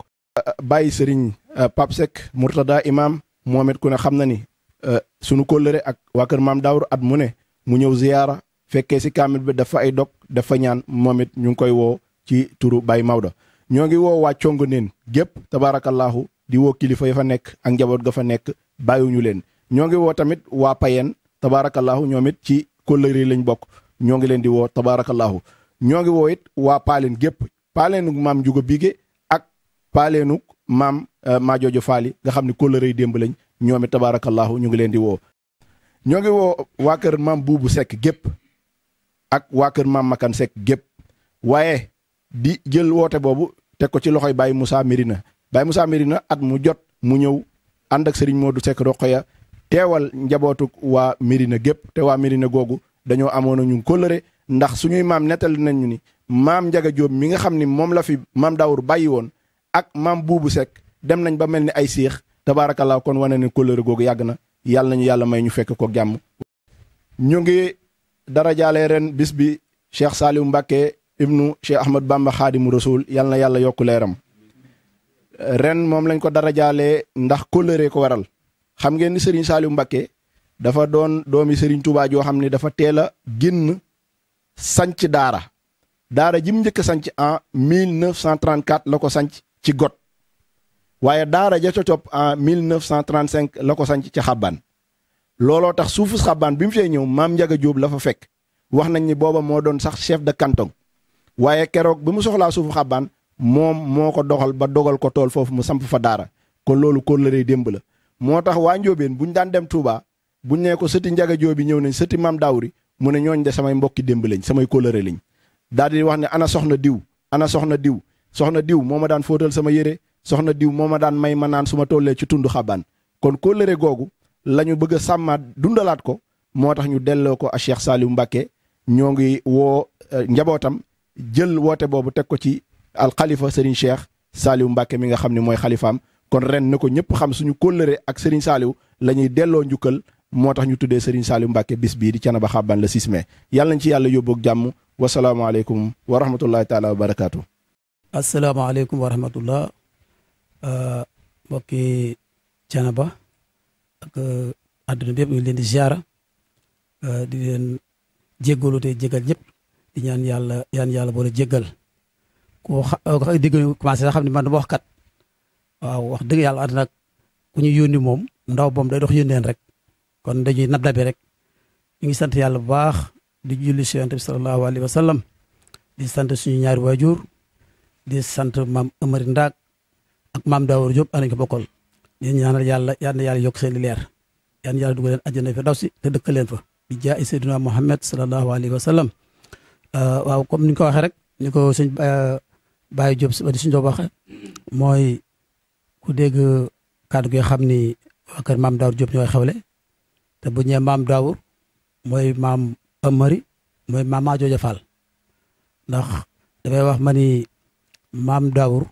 bàyyi sëriñ euh, Pape Seck Murtada Imaam moom it ku ne xam na ni euh, sunu kóllëre ak waa kër maam Daawur at mu ne mu ñëw ziyaara fekkee si kaamil bi dafa ay dog dafa ñaan moom it ñu ngi koy woo ci turu Baye Maodo ñoo ngi woo waa Congo neen gépp tabaarakallaahu di woo kilifa ya fa nekk ak njaboot ga fa nekk bàyyiwuñu leen. ñoo ngi woo tamit waa Payen tabaarakallaahu ñoom it ci kóllëre lañ bokk ñoo ngi leen di woo tabaarakallaahu ñoo ngi woo waa Paalen gépp Paaleenug maam Njugo Bige ak Paaleenug maam euh, Maajoojo Faali nga xam ne kóllëre démb lañ ñoom it tabaarakallaahu ñu ngi leen di woo. ñoo ngi woo waa kër maam Buubu Sekk gépp ak waa kër maam Makan Sekk gépp waaye di jël woote boobu te ko ci loxoy Baye Moussa Mirina Baye Moussa Mirina at mu jot mu ñëw ànd ak Serigne Modou Seck Roqoya teewal njabootu waa Médina gépp te waa Médina googu dañoo amoon na ñu kóllëre ndax suñuy maam nettali nañu ni maam Njaga Jóob mi nga xam ni moom la fi maam Daawur bàyyi woon ak maam Buubu Sekk dem nañ ba mel ni ay siix tabaarakallaa kon wane ne kóllëre googu yàgg na yàlla nañu yàlla may ñu fekk ko jàmm ñu ngi darajaale ren bis bi Cheikh Saliou Mbacke ibnu Cheikh Ahmad Bamba Xaadimu Rasul yàlla yàlla yokku leeram ren moom lañ ko darajaalee ndax kóllëre ko waral xam ngeen ni Serigne Saliou Mbacké dafa doon doomi Serigne Touba joo xam ne dafa teel a génn sanc daara daara jim mu njëkk a sanc en 1934 la ko sanc ci got waaye daara ja ca topp en 1935 la ko sanc ci xabaan looloo tax suufu xabaan bi mu fee ñëw maam Njaga Jóob la fa fekk wax nañ ni booba moo doon sax chef de canton waaye keroog bi mu soxlaa suufu xabaan moom moo ko doxal ba dogal ko tool foofu mu samp fa daara kon loolu kóllëre démb la moo tax waa njóobeen bu ñu daan dem Touba bu ñu nee ko sëti njaga joobi ñëw nañ sëti maam daawri mu ne ñooñ de samay mbokki démb lañ samay kóllëre lañ daal di wax ne ana soxna diw ana soxna diw soxna diw moo ma daan fóotal sama yére soxna diw moo ma daan may ma naan su ma tollee ci tund xabaan kon kóllëre googu la ñu bëgg a sàmmaat dundalaat ko moo tax ñu delloo ko a Cheikh Saliou Mbacké ñoo ngi woo euh, njabootam jël woote boobu teg ko ci alxalifa Serigne Cheikh Saliou Mbacké mi nga xam ne mooy xalifaam kon ren na ko ñëpp xam suñu kóllëre ak sëriñ Saliou la ñuy delloo njukkal moo tax ñu tuddee Serigne Saliou Mbacke bis bii di Thiénaba Xabane la 6 mai yàlla nañ ci yàlla yóbbu ak jàmm wasalaamaaleykum wa rahmatullahi taala wa barakaatu. asalaamaaleykum wa rahmatullah euh, mbokki Thiénaba ak euh, àdduna bépp ñu leen di ziara euh, di leen jéggalu te jégal ñëpp di ñaan yàlla yaan yàlla boole jéggal koo xam ne man dama wax kat. waaw wax dëgg yàlla àddina ku ñuy yónni moom ndaw boom day dox yónneen rek kon dañuy nab dabi rek ñu ngi sant yàlla bu baax di julli si yonent bi sallallahu alayhi wa sallam di sant suñu ñaari waajur di sant maam Amari Ndaak ak maam Daawar Diop anañ ko bokkal di ñaanal yàlla yal yàlla yokk seen i leer yal yàlla dugal leen àjjana fi te dëkk leen fa di jaay Seydina Muhammad sallallahu alayhi wa sallam waaw comme ni ñu ko waxee rek ni ko sëñ Baye Diop ku dégg kàddu gi xam ni waa kër maam Daawur Diop ñooy xewle te bu ñee maam Daawur mooy maam Amari mooy maam Maajooja Fall ndax dafay wax ma ni maam Daawur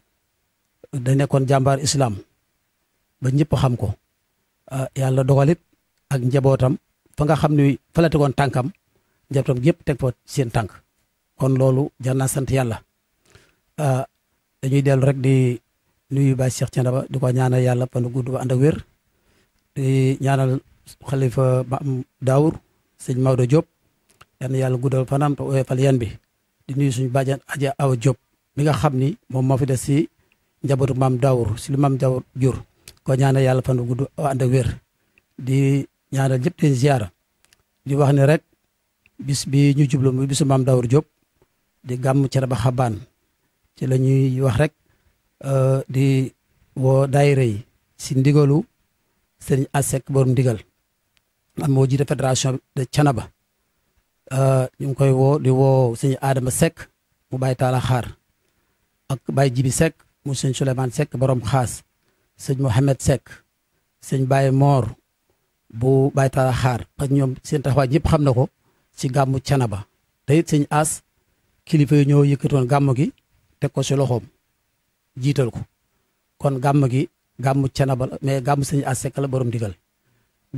da nekkoon jàmbaar islam ba ñëpp xam ko ah, yàlla dogalit ak njabootam fa nga xam ni fa la tegoon tànkam njabootam yëpp teg fa seen tànk kon loolu jar naa sant yàlla ah, dañuy dellu rek nuyu Baye Cheikh Thiénaba ba di ko ñaanal yàlla panu gudd ba ànd ak wér di ñaanal xalifa maam Daawur sëñ Maodo Diop yàlla guddal fanam bi di suñu bàjjan Adja Awa Diop mi nga xam ni moom moo fi des si njabootu maam Daawur si lu maam Daawur jur ko ñaanal yàlla panu gudd ba ànd ak wér di ñaanal ñëpp di ziara di wax ne rek bis bi ñu jublu muy bisu maam Daawur Diop di gàmm Thiénaba Xabaan ci la ñuy wax rek Euh, di woo daayira rey si ndigalu as Asek borom ndigal man moo jiite fédération de Canaba euh, ñu ngi koy woo di woo sëñ Adama sekk mu bàyyi taala xaar ak bàyyi Jibi sekk mu sëñ Souleymane sekk borom xaas sëñ Mohamed Seck sëñ Baye Moor bu bàyyi taala xaar ak ñoom seen taxawaay ñëpp xam na ko si gàmmu Canaba te it sëñ As kilifa yi ñoo yëkkatoon gàmmu gi teg ko si loxoom. jiital ko kon gàmm gi gàmm Cenaba mais gàmm sëñ As Seck la borom digal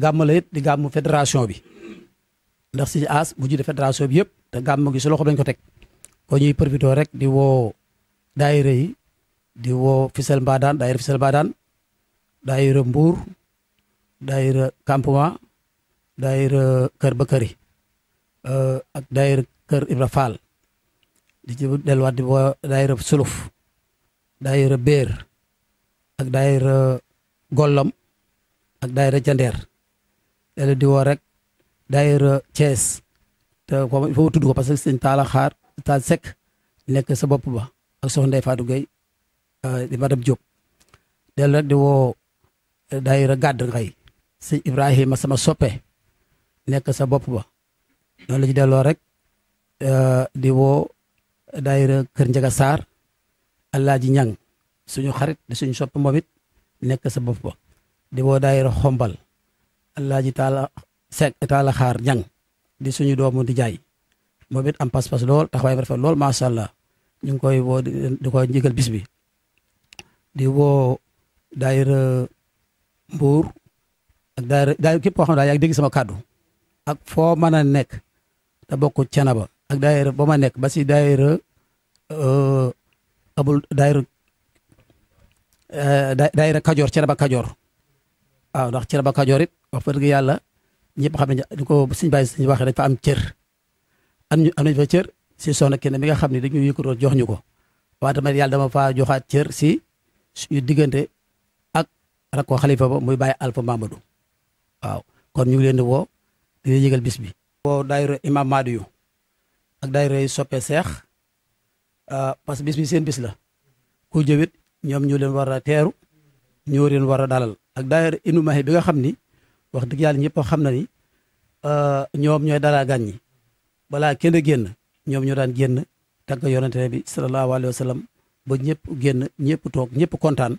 gàmm la di gàmmu fédération bi ndax sëñ As bu jiite fédération bi yëpp te gàmm gi su loxo dañ ko teg ko ñuy profité rek di woo daayira yi di woo Fisel Mbadaan daayira Fisel Mbadaan daayira mbuur daayira campement daayira Kër Bakari euh, ak daayira Kër Ibra Fall di ci delluwaat di woo daayira Suluf daayira Béer ak daayira Gollam ak daayira Jandeer dala di rek daayira Thiès ko tudd ko parce que sëñ Talla Xaar Tall Seck nekk sa bopp ba ak soxna Ndeye Fatou euh, di madame Diop dellu rek di woo euh, daayira gàdd ngay sëñ Ibrahima sama soppe nekk sa bopp ba noonu la ci delloo rek euh, di woo daayira Kër Njaga Sarr Alaaji Ñang suñu xarit di suñu sopp moom it nekk sa bopp ba di woo daayira xombal Alaaji Taala Seck Taala Xaar Ñang di suñu doomu di jaay moom it am pas-pas lool taxawaay bu rafet lool macha allah ñu ngi koy woo di koy njigal bis bi di woo daayira Mbuur ak daayira daayira képp koo yaa ngi dégg sama kàddu ak foo mën a nekk te bokk Cenaba ak daayira ba nekk ba si euh, abul daayira eh, daayira kajoor Thiénaba kajoor waaw ndax Thiénaba kajoor it wax dëgg yàlla ñëpp xam ne dañ ko suñ bàyyi suñu a dañ fa am cër am si soxna kenn mi nga xam ne dañu yëkkatoon jox ñu ko waaye tamit yàlla dama faa joxaat cër si suñu diggante ak rakko xalifa ba muy bàyyi Alpha Mamadou waaw kon ñu ngi leen di woo di leen yëgal bis bi. woo daayira Imam ak daayira yu seex Ah, parce que bis bi seen bis la ku jëwit ñoom ñu leen war a teeru ñoo leen war a dalal ak daayira Hindou Mahi bi nga xam ni wax dëgg yàlla ñëpp xam na ni ah, ñoom ñooy dalal gan ñi balaa kenn génn ñoom ñoo daan génn tagg yonente bi sallallahu alayhi wa sallam ba ñëpp génn ñëpp toog ñëpp kontaan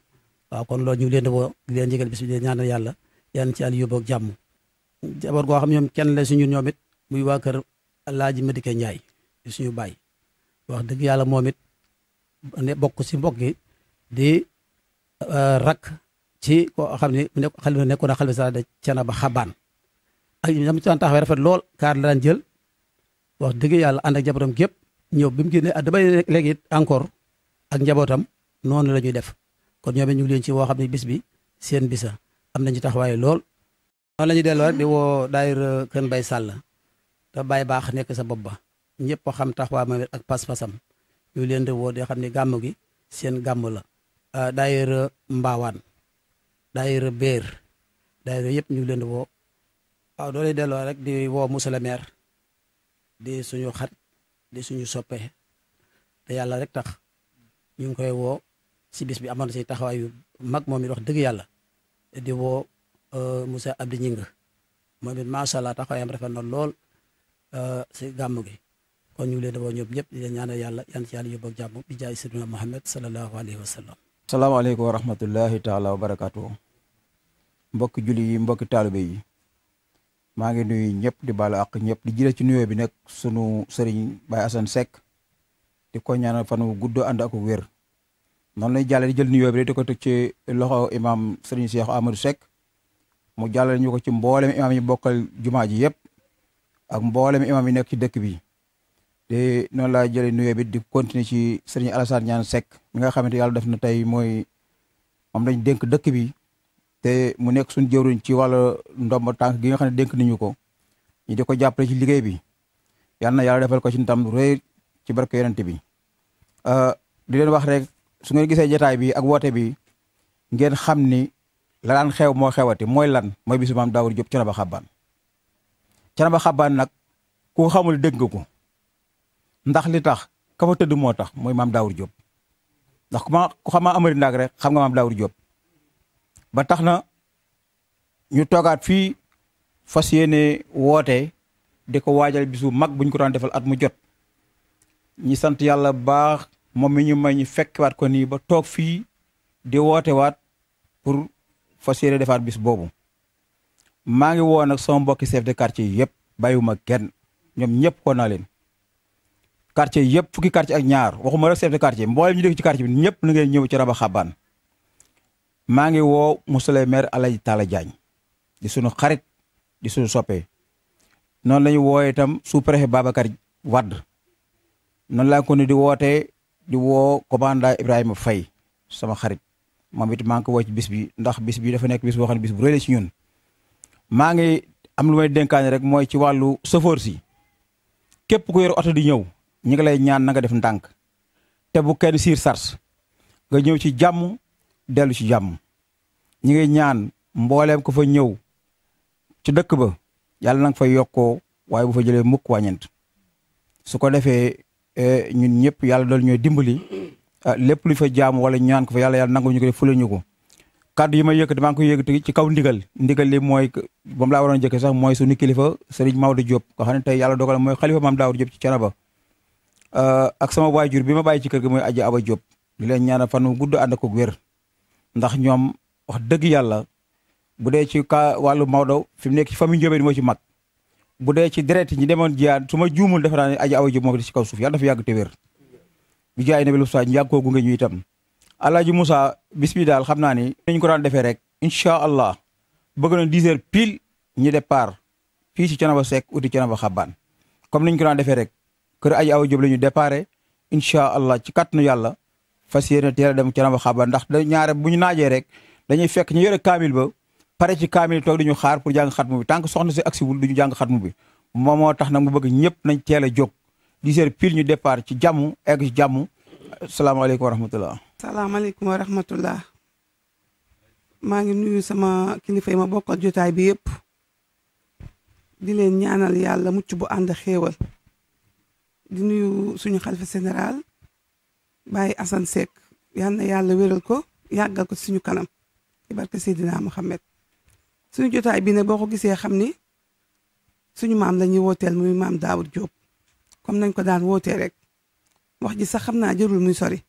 waaw kon loolu ñu leen di woo di leen jégal bis bi di ñaanal yàlla yaan ci àll yóbbu jàmm jabar goo xam ñoom kenn la suñu ñoom it muy waa kër Alaaji Madike Njaay suñu baay wax dëgg yàlla moom it ne bokk si mbokk yi di euh, rakk ci koo xam ne mu nekk xalifa nekkoon na xalifa sax de Thiénaba Xabaan ak ñam ci daan taxawee rafet lool kaar la daan jël wax dëgg yàlla ànd ak jabootam gépp ñëw bi mu génnee ah, damay léegi it encore ak njabootam noonu la ñuy def kon ñoom ñu leen ci woo xam ne bis bi seen bisa am na nañu taxawaay lool. noonu la ñuy delloo rek woo daayira Kër bay Sàll te Baay Baax nekk sa bopp ba ñëpp xam taxawaay ma ak pas-pasam ñu leen di woo di xam ne gàmm gi seen gàmm la. Ah, daayira mbaawaan daayira beer daayira yëpp ñu leen di woo doo lay delloo rek di woo monsieur le di suñu xat di suñu soppe yàlla rek tax ñu ngi koy woo si bis bi amoon si taxawaay yu mag moom it wax dëgg yàlla di woo ah, monsieur Abdi Ñing moom it rafet na lool ah, si gàmm gi. kon ñu ngi leen di woo ñoom ñëpp di leen ñaanal yàlla yan ci jaay sidina Muhammad sallallahu alayhi wa sallam. salaamaaleykum wa rahmatullahi taala wa barakaatu. mbokki julli yi mbokki taalibe yi. maa ngi nuyu ñëpp di baalu àq ñëpp di jëlee ci nuyoo bi nag sunu sëriñ Baye Assane Seck di ko ñaanal fan wu gudd ànd ak wér noonu lay jàllale di jël nuyoo bi rek di ko teg ci loxo imam sëriñ Cheikh Amadou Seck mu jàllale ñu ko ci mboolem imam yi bokkal jumaa ji yëpp ak mboolem imam yi nekk ci dëkk bi te noonu laa jëlee nuyoo bi di continuer ci sëriñ Alassane Niane sekk mi nga xamante yàlla def na tey mooy moom dañ dénk dëkk bi te mu nekk suñu jëwriñ ci wàllu ndomba tànk gi nga xam ne dénk nañu ko ñu di ko jàppale ci liggéey bi yàlla na yàlla defal ko ci ndam rëy ci barke yonent bi euh, di leen wax rek su ngeen gisee jotaay bi ak woote bi ngeen xam ni la daan xew moo xewati mooy lan mooy bisu maam Daawur Jóob Canaba Xabaan Canaba Xabaan nag ku xamul dégg ko ndax li tax ka fa tëdd moo tax mooy maam Daawur Diop ndax ku ma ku xam maa Amari Ndaak rek xam nga maam Daawur Diop ba tax na ñu toogaat fii fas yéene woote di ko waajal bisu mag buñ ko daan defal at mu jot ñi sant yàlla baax moom mi ñu may ñu fekkiwaat ko nii ba toog fii di woote waat pour fas yéene defaat bis boobu maa ngi woo nag sama mbokki chef de quartier yëpp bàyyiwuma kenn ñoom ñëpp ko naa leen quartier yëpp fukki quartier ak ñaar waxuma rek chef de quartier mboolem ñu dëkk ci quartier bi ñëpp na ngeen ñëw ci Raba Xabaan maa ngi woo monsieur le maire Alaji Talla Diagne di sunu xarit di sunu soppe noonu la ñu wooyee itam sous-préfet Babacar Wade noonu laa ko ni di wootee di woo commandant Ibrahima Faye sama xarit moom it maa ngi ko woo ci bis bi ndax bis bi dafa nekk bis boo xam ne bis bu rëy la ci ñun maa ngi am lu may dénkaane rek mooy ci wàllu chauffeur si képp ku yor oto di ñëw ñi ngi lay ñaan na nga def ndànk te bu kenn siir sars nga ñëw ci jàmm dellu ci jàmm ñi ngi ñaan mbooleem ko fa ñëw ci dëkk ba yàlla na nga fa yokkoo waaye bu fa jëlee mukk wàññent su ko defee eh, ñun ñëpp yàlla dool ñooy dimbali ah, lépp fa jaamu wala ñaan ko fa yàlla yàlla nangu ñu ko def fule ñu ko kaddu yi may yëkkati maa ngi yëkkati ci kaw ndigal ndigal li mooy ba mu laa waroon jëkke sax mooy suñu kilifa Serigne Maodo Diop nga xam ne tey yàlla dogal mooy xalifa maam Daawud Diop ci Canaba ak sama waajur bi ma bàyyi ci kër gi mooy aji awa Diop di leen ñaanal fan wu gudd ànd ak wér ndax ñoom wax dëgg yàlla bu dee ci kaa wàllu Maodo fi mu nekk ci famille Ndiobène moo ci mag bu dee ci deret ñi demoon jiyaan su ma juumul defe naa ne aji Aba Diop moo fi ci kaw suuf yàlla dafa yàgg te wér bi jaay nabi saa ñu yàgg koo gunge ñu itam Alaaji Moussa bis daal xam naa ni ñu ko daan defee rek incha allah bëgg na dix heures pile ñu départ fii ci Thiénaba Seck uti Thiénaba Xabaan comme niñ ko daan defee rek kër aj awa Diop la ñu déparé incha allah ci kàttanu yàlla fas yéene teel a dem Thiénaba Xaban ndax da ñaare bu ñu naajee rek dañuy fekk ñu yore kaamil ba pare ci kaamil toog diñu xaar pour jàng xatmu bi tant que soxna si agsiwul duñu jàng xatmu bi moom moo tax nag mu bëgg ñëpp nañ teel a jóg dix heures ñu départ ci jàmm egg ci jàmm salaamaaleykum wa rahmatullah maa ngi nuyu sama kilifa ma bokkal jotaay bi yëpp di leen ñaanal yàlla mucc bu ànd xéewal di nuyu suñu xalifa sénéral baay Assane Seck yal na yàlla wéral ko yàggal ko suñu kanam ci barke Seydina Mohamed suñu jotaay bi nag boo ko gisee xam ni suñu maam lañuy wooteel muy maam Daawud Diop comme nañ ko daan wootee rek wax ji sax xam naa jërul muy sori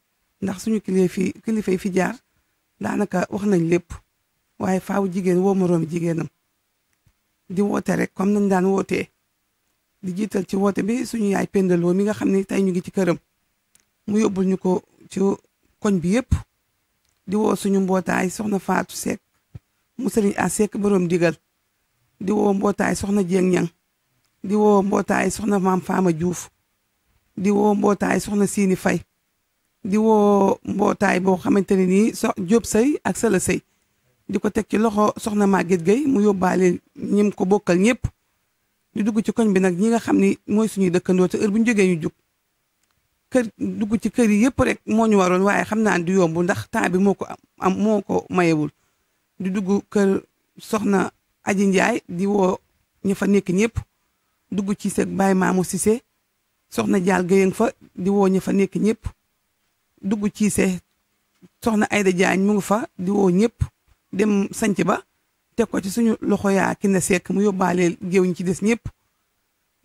ndax suñu kilifa fi kilifa yi fi jaar daanaka wax nañ lépp waaye faaw jigéen woo moroom jigéenam di woote rek comme nañ daan wootee di jiital ci woote bi suñu yaay pendaloo mi nga xam ni tey ñu ngi ci këram mu yóbbul ñu ko ci koñ bi yëpp di woo suñu mbootaay soxna Faatu Seck mu sëriñ a Seck boroom digal di woo mbootaay soxna Dieng Ñang di woo mbootaay soxna maam Faama Diouf di woo mbootaay soxna Siini Fay di woo mbootaay boo xamante ne nii so Jóob sëy ak Sala sëy di ko teg ci loxo soxna Maguette Gueye mu yóbbaale ñim ko bokkal ñëpp di dugg ci koñ bi nag ñi nga xam ni mooy suñuy dëkkandoo te heure bu ñu jógee ñu jug kër dugg ci kër yi yëpp rek moo ñu waroon waaye xam naa du yomb ndax bi moo ko am moo ko mayewul di dugg kër soxna Aji Njaay di woo ñu fa nekk ñëpp dugg ci sëg Baye Maamu Cissé soxna Jaal fa di woo ñu fa nekk ñëpp dugg ci se soxna Ayda Jaañ mu ngi fa di woo ñëpp dem sanc ba teg ko ci suñu loxo yaa ki na sekk mu yóbbaale géew ñi ci des ñëpp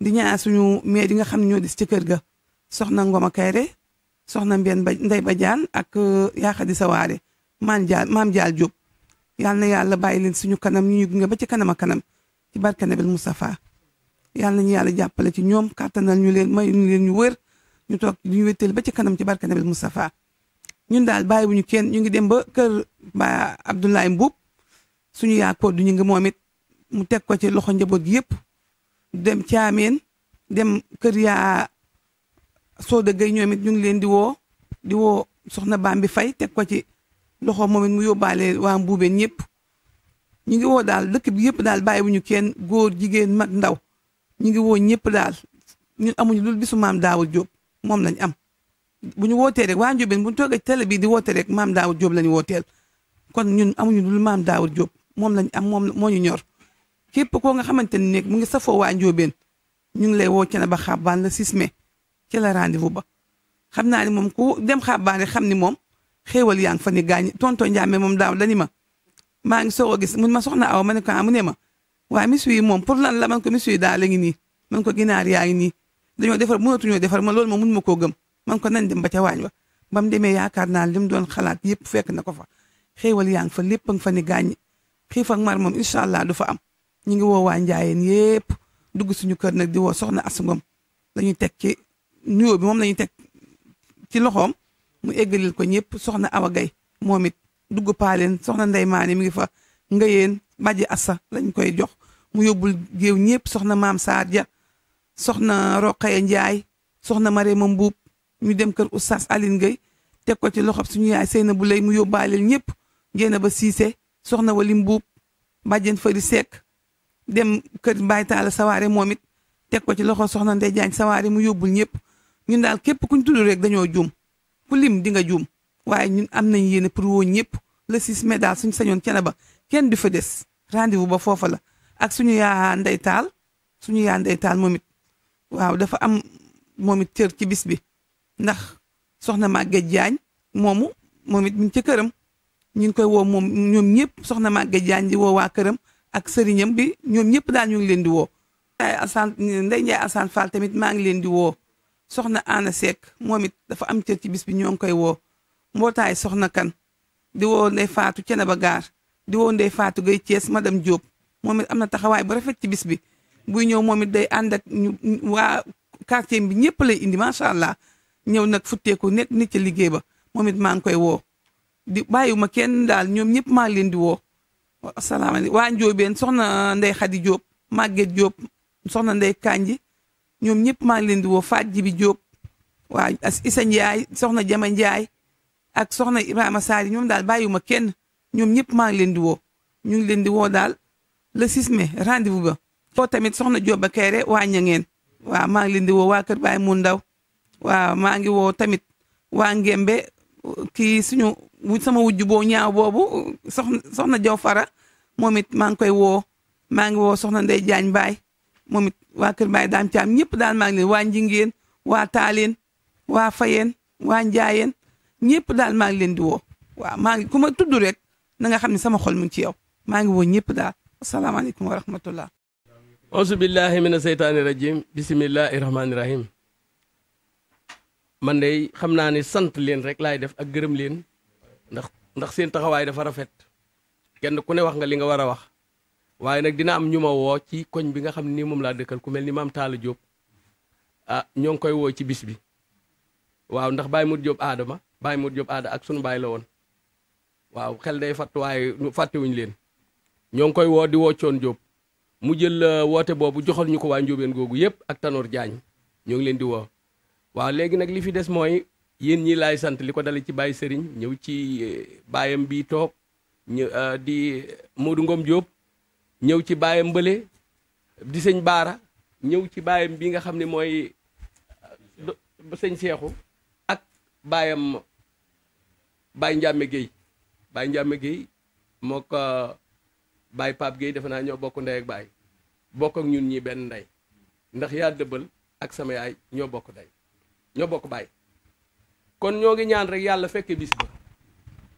di ñaan suñu mais di nga xam ne ñoo des ci kër ga soxna Ngoma Kayre soxna Mbène ba Ndeye Badiane ak euh, yaa Xadi Sawaare maam Jaal maam Jaal Diop yal na yàlla bàyyi leen suñu kanam ñu gunge ba ci kanam kanam ci barke Nabil Moustapha yal nañu yàlla jàppale ci ñoom kàttanal ñu leen may ñu leen ñu wër ñu toog ñu wéttal ba ci kanam ci barke Nabil Moustapha ñun daal bàyyi wuñu kenn ñu ngi dem ba kër ba Abdoulaye Mbuub suñu yaa koddu ñu ngi moom mu teg ko ci loxo njaboot gi yëpp dem caameen dem kër yaa Sooda Gay ñoom it ñu ngi leen di woo di woo soxna baam bi Fay teg ko ci loxo moom mu yóbbaale waa mbuubeen ñëpp ñu ngi woo daal dëkk bi yëpp daal bàyyiwuñu kenn góor jigéen mag ndaw ñu ngi woo ñëpp daal ñun amuñu lul bisu maam Daawud Jóob moom lañ am bu ñu wootee rek waa Njóobeen bu ñu toogee télé di woote rek maam Daawud Jóob lañu wooteel kon ñun amuñu lul maam Daawud Jóob moom lañ am moom moo ñu ñor képp koo nga xamante ni nekk mu ngi safoo waa Njóobeen ñu ngi lay woo ca ne ba xaabaan la 6 mai ci la rendez-vous ba xam naa ni moom koo dem xaabaan rek xam ni moom xéewal yaa ngi fa ni gaañ tonto Ndiame moom daaw dani ma maa ngi soog a gis mun ma soxna aw ma ne ko ah mu ne ma waaye misu yi moom pour lan la man ko misu yi daal la ngi nii man ko ginaar yaa ngi nii dañoo defar mënatuñoo defar ma loolu ma mun ma koo gëm man ko nañ dem ba ca waañ wa ba mu demee yaakaar naa li mu doon xalaat yëpp fekk na ko fa xéewal yaa ngi fa lépp nga fa ni gaañ xiif ak mar moom incha allah du fa am ñu ngi woo waa njaayeen yépp dugg suñu kër nag di woo soxna asungom la ñuy teg ci nuyoo bi moom lañu ñuy teg ci loxoom mu eggalil ko ñëpp soxna Awa Gaye moom it dugg paaleen soxna Ndey Maane mi ngi fa ngayeen bàjji assa lañ koy jox mu yóbbul géew ñëpp soxna maam Sadia soxna Roqaya Njaay soxna Marema Mbuub ñu dem kër oustaz Aline Gueye teg ko ci loxob suñu yaay Seyna bu lay mu yóbbaaleel ñëpp jéena ba siise soxna wali mbuub bàjjen fari sekk dem kër Mbaye Talla Sawaare moom it teg ko ci loxo soxna Ndeye Diagne Sawaare mu yóbbul ñëpp ñun daal képp kuñ tudd rek dañoo juum ku lim di nga juum waaye ñun am nañ yéene pour woo ñëpp le 6 mai daal suñ sañoon cene ba kenn du fa des rendez-vous ba foofa la ak suñu yaa Ndeye Tall suñu yaa Ndeye Tall moom waaw dafa am moom it cër ci bis bi ndax soxna Maguette Diagne moomu moom it mu ca këram ñu ngi koy woo moom ñoom ñëpp soxna Maguette Diagne di woo waa këram ak sëriñam bi ñoom ñëpp daal ñu ngi leen di woo. Assane Ndeye Ndiaye Assane Fall tamit maa ngi leen di woo soxna Anna Seck moom it dafa am cër ci bis bi ñoo ngi koy woo mbootaay soxna kan di woo faatu Fatou ba Gaar di woo faatu gay Gueye ma madame Diop moom it am na taxawaay bu rafet ci bis bi buy ñëw moom it day ànd ak ñu waa quartier bi ñëpp lay indi macha allah ñëw nag futteeku nekk nit ci liggéey ba moom it maa ngi koy woo. di bàyyiwuma kenn daal ñoom ñëpp maa leen di woo asalaamaaleykum waa Njóobeen soxna Ndey Xadi Jóob Màgget Jóob soxna Ndey Kànji ñoom ñëpp maa leen di woo Faat Jibi Jóob waa Isa Njaay soxna Jama Njaay ak soxna Ibrahima Saari ñoom daal bàyyiwuma kenn ñoom ñëpp maa leen di woo ñu ngi leen di woo daal le 6 mai rendez ba. foo tamit soxna Jóob ba Kayre waa Ñangeen waaw maa ngi leen di woo waa Kër Baay mu ndaw waaw maa ngi woo tamit waa Ngembe kii suñu sama wujj boo ñaaw boobu soxna soxna Jaw Fara moom it maa ngi koy woo maa ngi woo soxna Ndey Jaañ Baay moom it waa Kër Baay Daam Caam ñëpp daal maa ngi leen waa waa Taaleen waa Fayeen waa Njaayeen ñëpp daal maa ngi leen di woo waaw maa ngi ku ma tudd rek na nga xam ne sama xol mu ngi ci yow maa ngi woo ñëpp daal asalaamaaleykum wa rahmatullah auzu billahi mina seytaani rajim bismillahi rahmaani rahim man de xam naa ni sant leen rek laay def ak gërëm leen ndax ndax seen taxawaay dafa rafet kenn ku ne wax nga li nga war a wax waaye nag dina am ñu ma woo ci koñ bi nga xam ni moom laa dëkkal ku mel ni maam Talla Diop a ah, ñoo ngi koy woo ci bis bi waaw ndax Baye Mour Diop aadama baay Mour Diop aada ak sunu baay la woon waaw xel day fàtt waaye fàttewuñu leen ñoo ngi koy woo di woo Coon Diop mu jël euh, woote boobu joxal ñu ko waa Njóobeen googu yépp ak Tanor Diagne ñoo ngi leen di woo waaw léegi nag li fi des mooy yéen ñi laay sant li ko dale ci Baye sëriñ ñëw ci eh, baayam bi toog ñu eh, di Modou ngoom Diop ñëw ci baayam mbële di sëñ Baara ñëw ci baayam bi nga xam ne mooy sëñ Seexu ak baayam Baye njàmme Guèye Baye Ndiame Guèye moo ko eh, Baye Pape Guèye defe naa ñoo bokk ndey ak baay bokk ak ñun ñi benn ndey ndax yaa dëbbal ak sama yaay ñoo bokk ndey ñoo bokk baay kon ñoo ngi ñaan rek yàlla fekke bis ba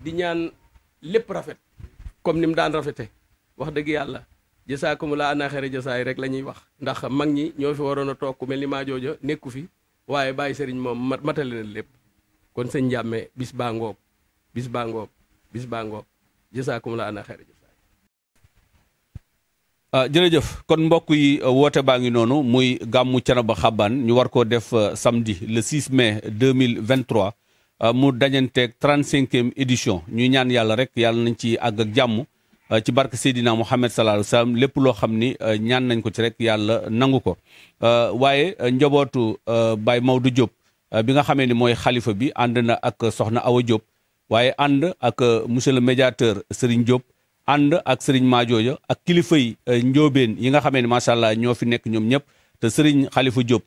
di ñaan lépp rafet comme ni mu daan rafete wax dëgg yàlla jësaakumu laa ana xere jësaay rek la ñuy wax ndax mag ñi ñoo fi waroon a toog ku mel ni maa jooja nekku fi waaye bàyyi sëriñ moom matale na lépp kon sëñ njàmme bis baa ngoog bis baa ngoog bis baa ngoog jësaakumu la ana xere Euh, jërëjëf kon mbokk yi euh, woote baa ngi noonu muy gàmmu ba Xabaan ñu war koo def euh, samedi le 6 mai 2023 mu dajanteeg 35e édition ñuy ñaan yàlla rek yàlla nañ ci àgg ak jàmm ci barke Seydina Mouhamed salaahu salaam lépp loo xam ni ñaan nañ ko ci rek yàlla nangu ko waaye njabootu Baye Maodo Diop bi nga xamee ni mooy xalifa bi ànd na ak soxna Awa Diop waaye ànd ak monsieur le médiateur Serigne Diop. ànd ak Serigne Maajooja ak kilifa yi euh, njóobeen yi nga xamee ne macha allah ñoo fi nekk ñoom ñëpp te Serigne Khalifa Diop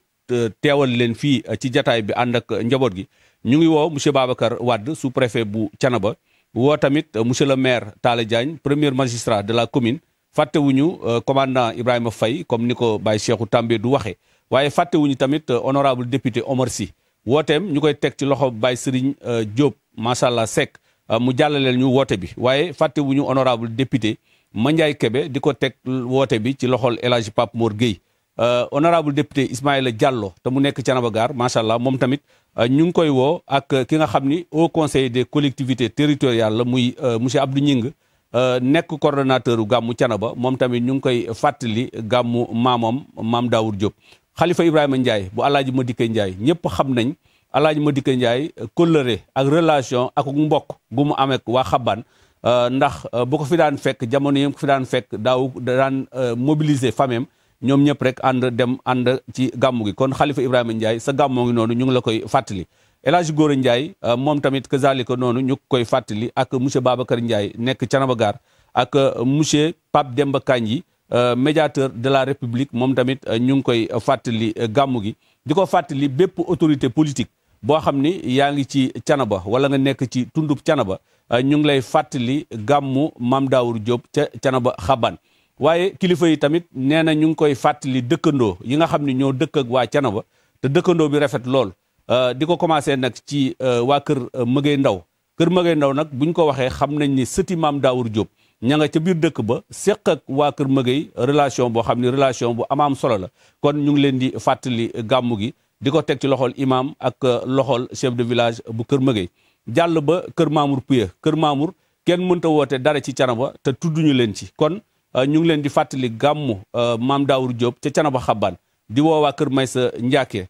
teewal leen fii euh, ci jataay bi ànd ak euh, njaboot gi ñu ngi woo monsieur Babacar Wade su préfet bu Thiénaba woo tamit monsieur le maire Talla Diagne premier magistrat de la commune fàttewuñu commandant Ibrahima Faye comme ni ko Baye Cheikhou També du waxe waaye fàttewuñu tamit honorable député Omar Sy wooteem ñu koy teg ci loxo Baye Serigne Diop macha allah Seck Euh, mu jàllaleel ñu woote bi waaye fàttewuñu honorable député Mandiaye kebe di ko teg woote bi ci loxol El Hadj Pape Mor Gueye euh, honorable député Ismaïla Diallo te mu nekk Thiénaba Gare macha allah moom tamit euh, ñu ngi koy woo ak ki nga xam ni Haut Conseil des collectivité territorial la muy monsieur Abdou Gningue nekk coordonnateur u gàmmu Thiénaba moom tamit ñu ngi koy fàttali gàmmu maamam maam Daour Diop. Khalifa Ibrahima Ndiaye bu El Hadj Madické Ndiaye ñëpp xam nañ. alaaj alaaji dikk Ndiaye euh, kóllëre ak relation ak mbokk gu mu ameek waa xaban euh, ndax euh, boo ko fi daan fekk jamono yi ko fi daan fekk daaw daan mobiliser famem ñoom ñëpp rek ànd dem ànd ci gàmmu gi kon xalifa Ibrahima Ndiaye sa gàmmoo ngi noonu ñu ngi la koy fàttali El Hadj Gora Ndiaye moom tamit kazalika noonu ñu koy fàttali ak monsieur Babacar Ndiaye nekk Canaba Gaar ak monsieur Pape Demba Kandji médiateur de la République moom tamit ñu ngi koy fàttali gàmmu gi di ko fàttali bépp autorité politique boo xam ni yaa ngi ci canaba wala nga nekk ci tundub canaba euh, ñu ngi lay fàttali gàmmu maam Daawur Diop ca canaba xaban waaye kilifa yi tamit nee na ñu ngi koy fàttali dëkkandoo yi nga xam ni ñoo dëkk ak waa canaba te dëkkandoo bi rafet lool euh, di ko commencé nag ci euh, waa kër Mëgey Ndaw kër Mëgey Ndaw nag buñ ko waxee xam nañ ni sëti maam Daawur jóob ña nga ca biir dëkk ba séq ak waa kër Mëgey relation boo xam ni relation bu amaam solo la kon ñu ngi leen di fàttali gàmmu gi di ko teg ci loxol imaam ak euh, loxol chef de village bu Kër Mëgëy jàll ba Kër Mamour Pouye Kër Mamour kenn mënta woote dara ci canaba te tudduñu leen ci kon euh, ñu ngi leen di fàttali gàmmu euh, maam Daawur Diop ca canaba xabbaan di woowaa Kër may Maysa Njaake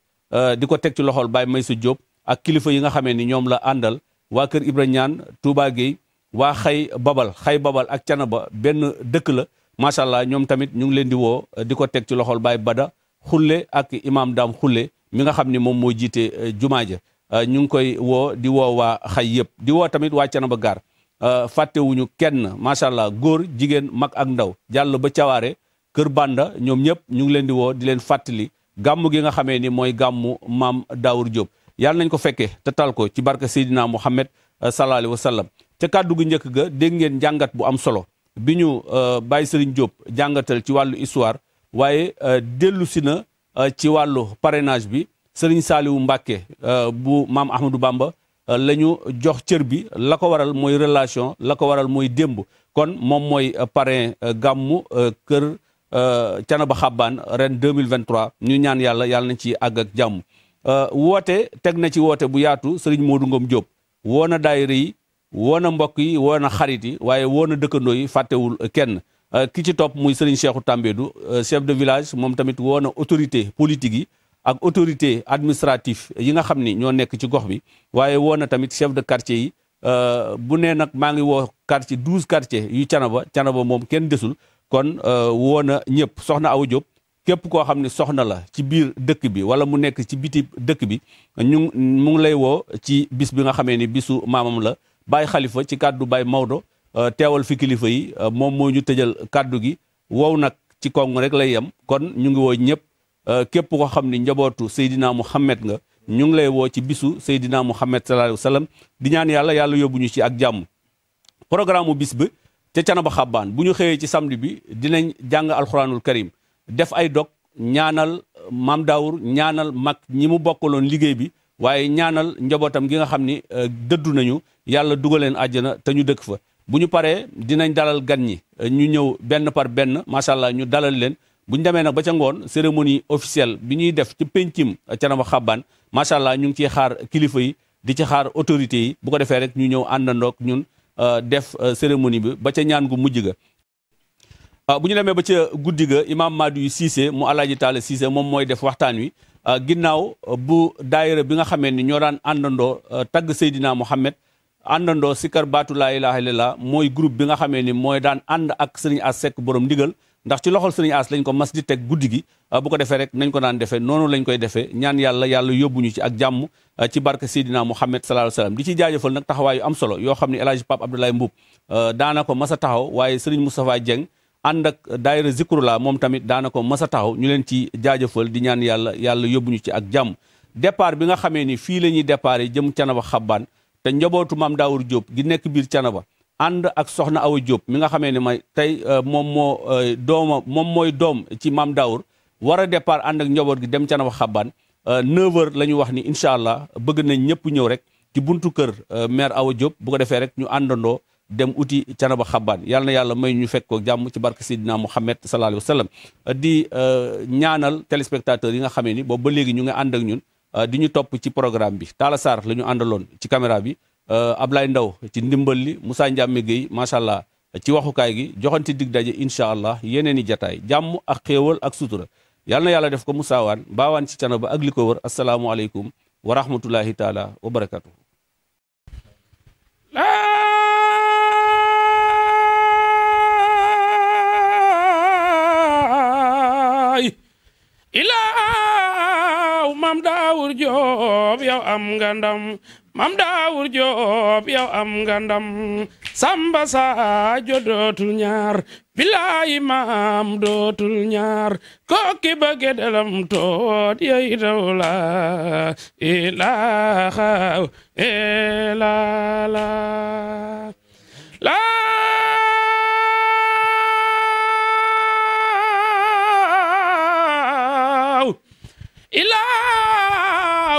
di ko teg ci loxol may sa Diop ak kilifa yi nga xamee ni ñoom la àndal waa Kër Ibra Ñaan Touba Gueye waa xay babal xay babal ak canaba benn dëkk la macha allah ñoom tamit ñu ngi leen di woo di ko teg ci loxol Baye Bada xulle ak imam Dame xulle mi nga xam ni moom moo jiite euh, jumaa ja euh, ñu ngi koy woo di woo waa xay yëpp di woo tamit waa Thiénaba Gare euh, fàttewuñu kenn macha allah góor jigéen mag ak ndaw jàll ba cawaare kër Banda ñoom ñëpp ñu ngi leen di woo di leen fàttali gàmm gi nga xamee ni mooy gàmmu maam Daawur Diop yàlla nañ ko fekkee te tal ko ci barke Seydina Mouhamed sallallahu alayhi wa sallam ca kàddu gu njëkk ga dégg ngeen jàngat bu am solo bi ñu Baye Serigne Diop jàngatal ci wàllu histoire waaye dellu si na Euh, ci wàllu parrainage bi Serigne Saliou Mbacké euh, bu maam Ahmadou Bamba euh, lañu jox cër bi la ko waral mooy relation la ko waral mooy démb kon moom mooy parrain gàmmu kër cana Canaba Xabbaan ren 2023 ñu ñaan yàlla yàlla nañ ci àgg ak jàmm woote teg na ci woote bu yaatu Serigne moodu Ngom Diop woo na daayira yi woo na mbokk yi woo na xarit yi waaye woo na dëkkandoo yi fàttewul kenn Euh, ki ci topp muy Serigne Cheikhou Tambédou euh, chef de village moom tamit woo na autorité politique yi ak autorité administrative yi nga xam ni ñoo nekk ci gox bi waaye woo na tamit chef de quartier yi euh, bu nee nag maa ngi woo quartier douze quartiers yu Canaba Canaba moom kenn desul kon woo na ñëpp soxna Awa Diop képp koo xam ne soxna la ci biir dëkk bi wala mu nekk ci biti dëkk bi ñu mu ngi lay woo ci bis bi nga xamee ni bisu maamam la Baye xalifa ci kàddu Baye Maodo Euh, teewal fi kilifa yi euh, moom moo ñu tëjal kàddu gi wow nag ci kong rek lay yem kon ñu ngi woo ñëpp euh, képp ko xam ni njabootu Seydina Mouhamed nga ñu ngi lay woo ci bisu Seydina Mouhamed sallallahu alayhi di ñaan yàlla yàlla yóbbu ñu ci ak jàmm programme bis bi ca Canaba Xabbaan bu ñu xëyee ci samedi bi dinañ jàng alxuraanul karim def ay dog ñaanal maam Daawur ñaanal mag ñi mu bokkaloon liggéey bi waaye ñaanal njabootam gi nga xam ni dëddu nañu yàlla dugaleen àjjana te ñu dëkk bu ñu paree dinañ dalal gan ñi euh, ñu ñëw benn par benn macha ñu dalal leen bu ñu demee nag ba ca ngoon cérémonie officielle bi ñuy def ci pencim Thiénaba Xabaan macha allah ñu ngi ciy xaar kilifa yi di ci xaar autorités yi bu ko defee rek ñu ñëw àndandoog ñun euh, def euh, cérémonie bi ba ca ñaan gu mujj ga. bu ñu demee ba ca guddi ga imaam Madiou Cissé mu Alaaji Taala Cissé moom mooy def waxtaan wi ginnaaw bu daayira bi nga xamee ni ñoo daan àndandoo tagg Seydina Mohamed. àndandoo sikar baatu laa ilaha illallah mooy groupe bi nga xamee ni mooy daan ànd ak sëriñ as sekk borom ndigal ndax ci loxol sëriñ as lañ ko mas di teg guddigi gi ah, bu ko defee rek nañ ko daan defee noonu lañ koy defee ñaan yàlla yàlla yóbbuñu ak jàmm ah, ci barke Seydina Muhammad sallallahu alayhi wasallam di ci jaajëfal nag taxawaayu am solo yoo xam ne El Hadj Pape Abdoulaye Mbuub ah, daana ko mas a taxaw waaye sëriñ Moustapha Dieng ànd ak daayira Zikrullah moom tamit daana ko mas a taxaw ñu leen ci jaajëfal di ñaan yàlla yàlla yóbbuñu ci ak jàmm départ bi nga xamee ni fii la ñuy départ yi jëm Canaba Xabbaan te njabootu maam Daawur Diop gi nekk biir Canaba ànd ak soxna Awa Diop mi nga xamee ne may tey euh, moom moo euh, dooma moom mooy doom ci maam Daawur wara a ànd ak njaboot gi dem Canaba xabbaan 9h euh, la ñu wax ni incha allah bëgg nañ ñëpp ñëw rek ci buntu kër maire Awa Diop bu ko defee rek ñu àndandoo dem uti Canaba xabbaan yàlla yàlla may ñu fekk ko jàmm ci barke Seydina Muhammad sallallahu alayhi wa sallam di ñaanal téléspectateurs yi nga xamee ni boobu ba léegi ñu ngi ànd ak ñun. Euh, di ñu topp ci programme bi Talla Sarr la ñu àndaloon ci caméra bi euh, Ablaye Ndaw ci ndimbal li Moussa Ndiame Guèye macha allah ci waxukaay gi ti dig daje incha allah yeneen i jataay jàmm ak ak sutura yàlla na yàlla def ko musaawaan baawaan ci canaba ak li ko war asalaamualeykum wa rahmatullahi taala wa Joob yow maam dootul ñaar kooki ba gedelam toot yey daw la ilaaha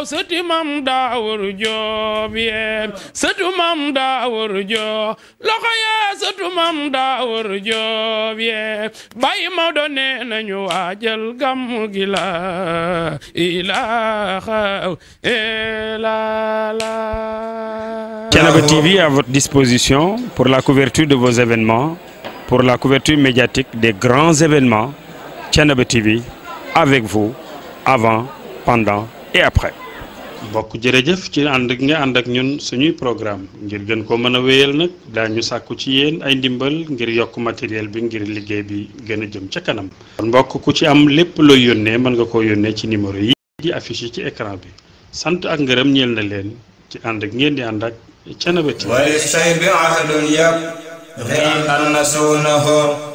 sëti daawur joob yeen sëtu daawur joob loxo yee sëtu daawur joob yeen bàyyi ma do nee waajal gàmmu gi la ilaaha illallah Thiénaba TV à votre disposition pour la couverture de vos événements pour la couverture médiatique des grands événements Thiénaba TV avec vous avant pendant et après bokk jërëjëf ci ànd ak nga ànd ak ñun suñuy programme ngir gën ko mën a wéyal nag daañu sàkku ci yéen ay ndimbal ngir yokk matériel bi ngir liggéey bi gën a jëm ca kanam kon mbokk ku ci am lépp looy yónnee mën nga ko yónnee ci numéro yi di affiché ci écran bi sant ak ngërëm ñeel na leen ci ànd ak ngeen di ànd ak Thiénaba TV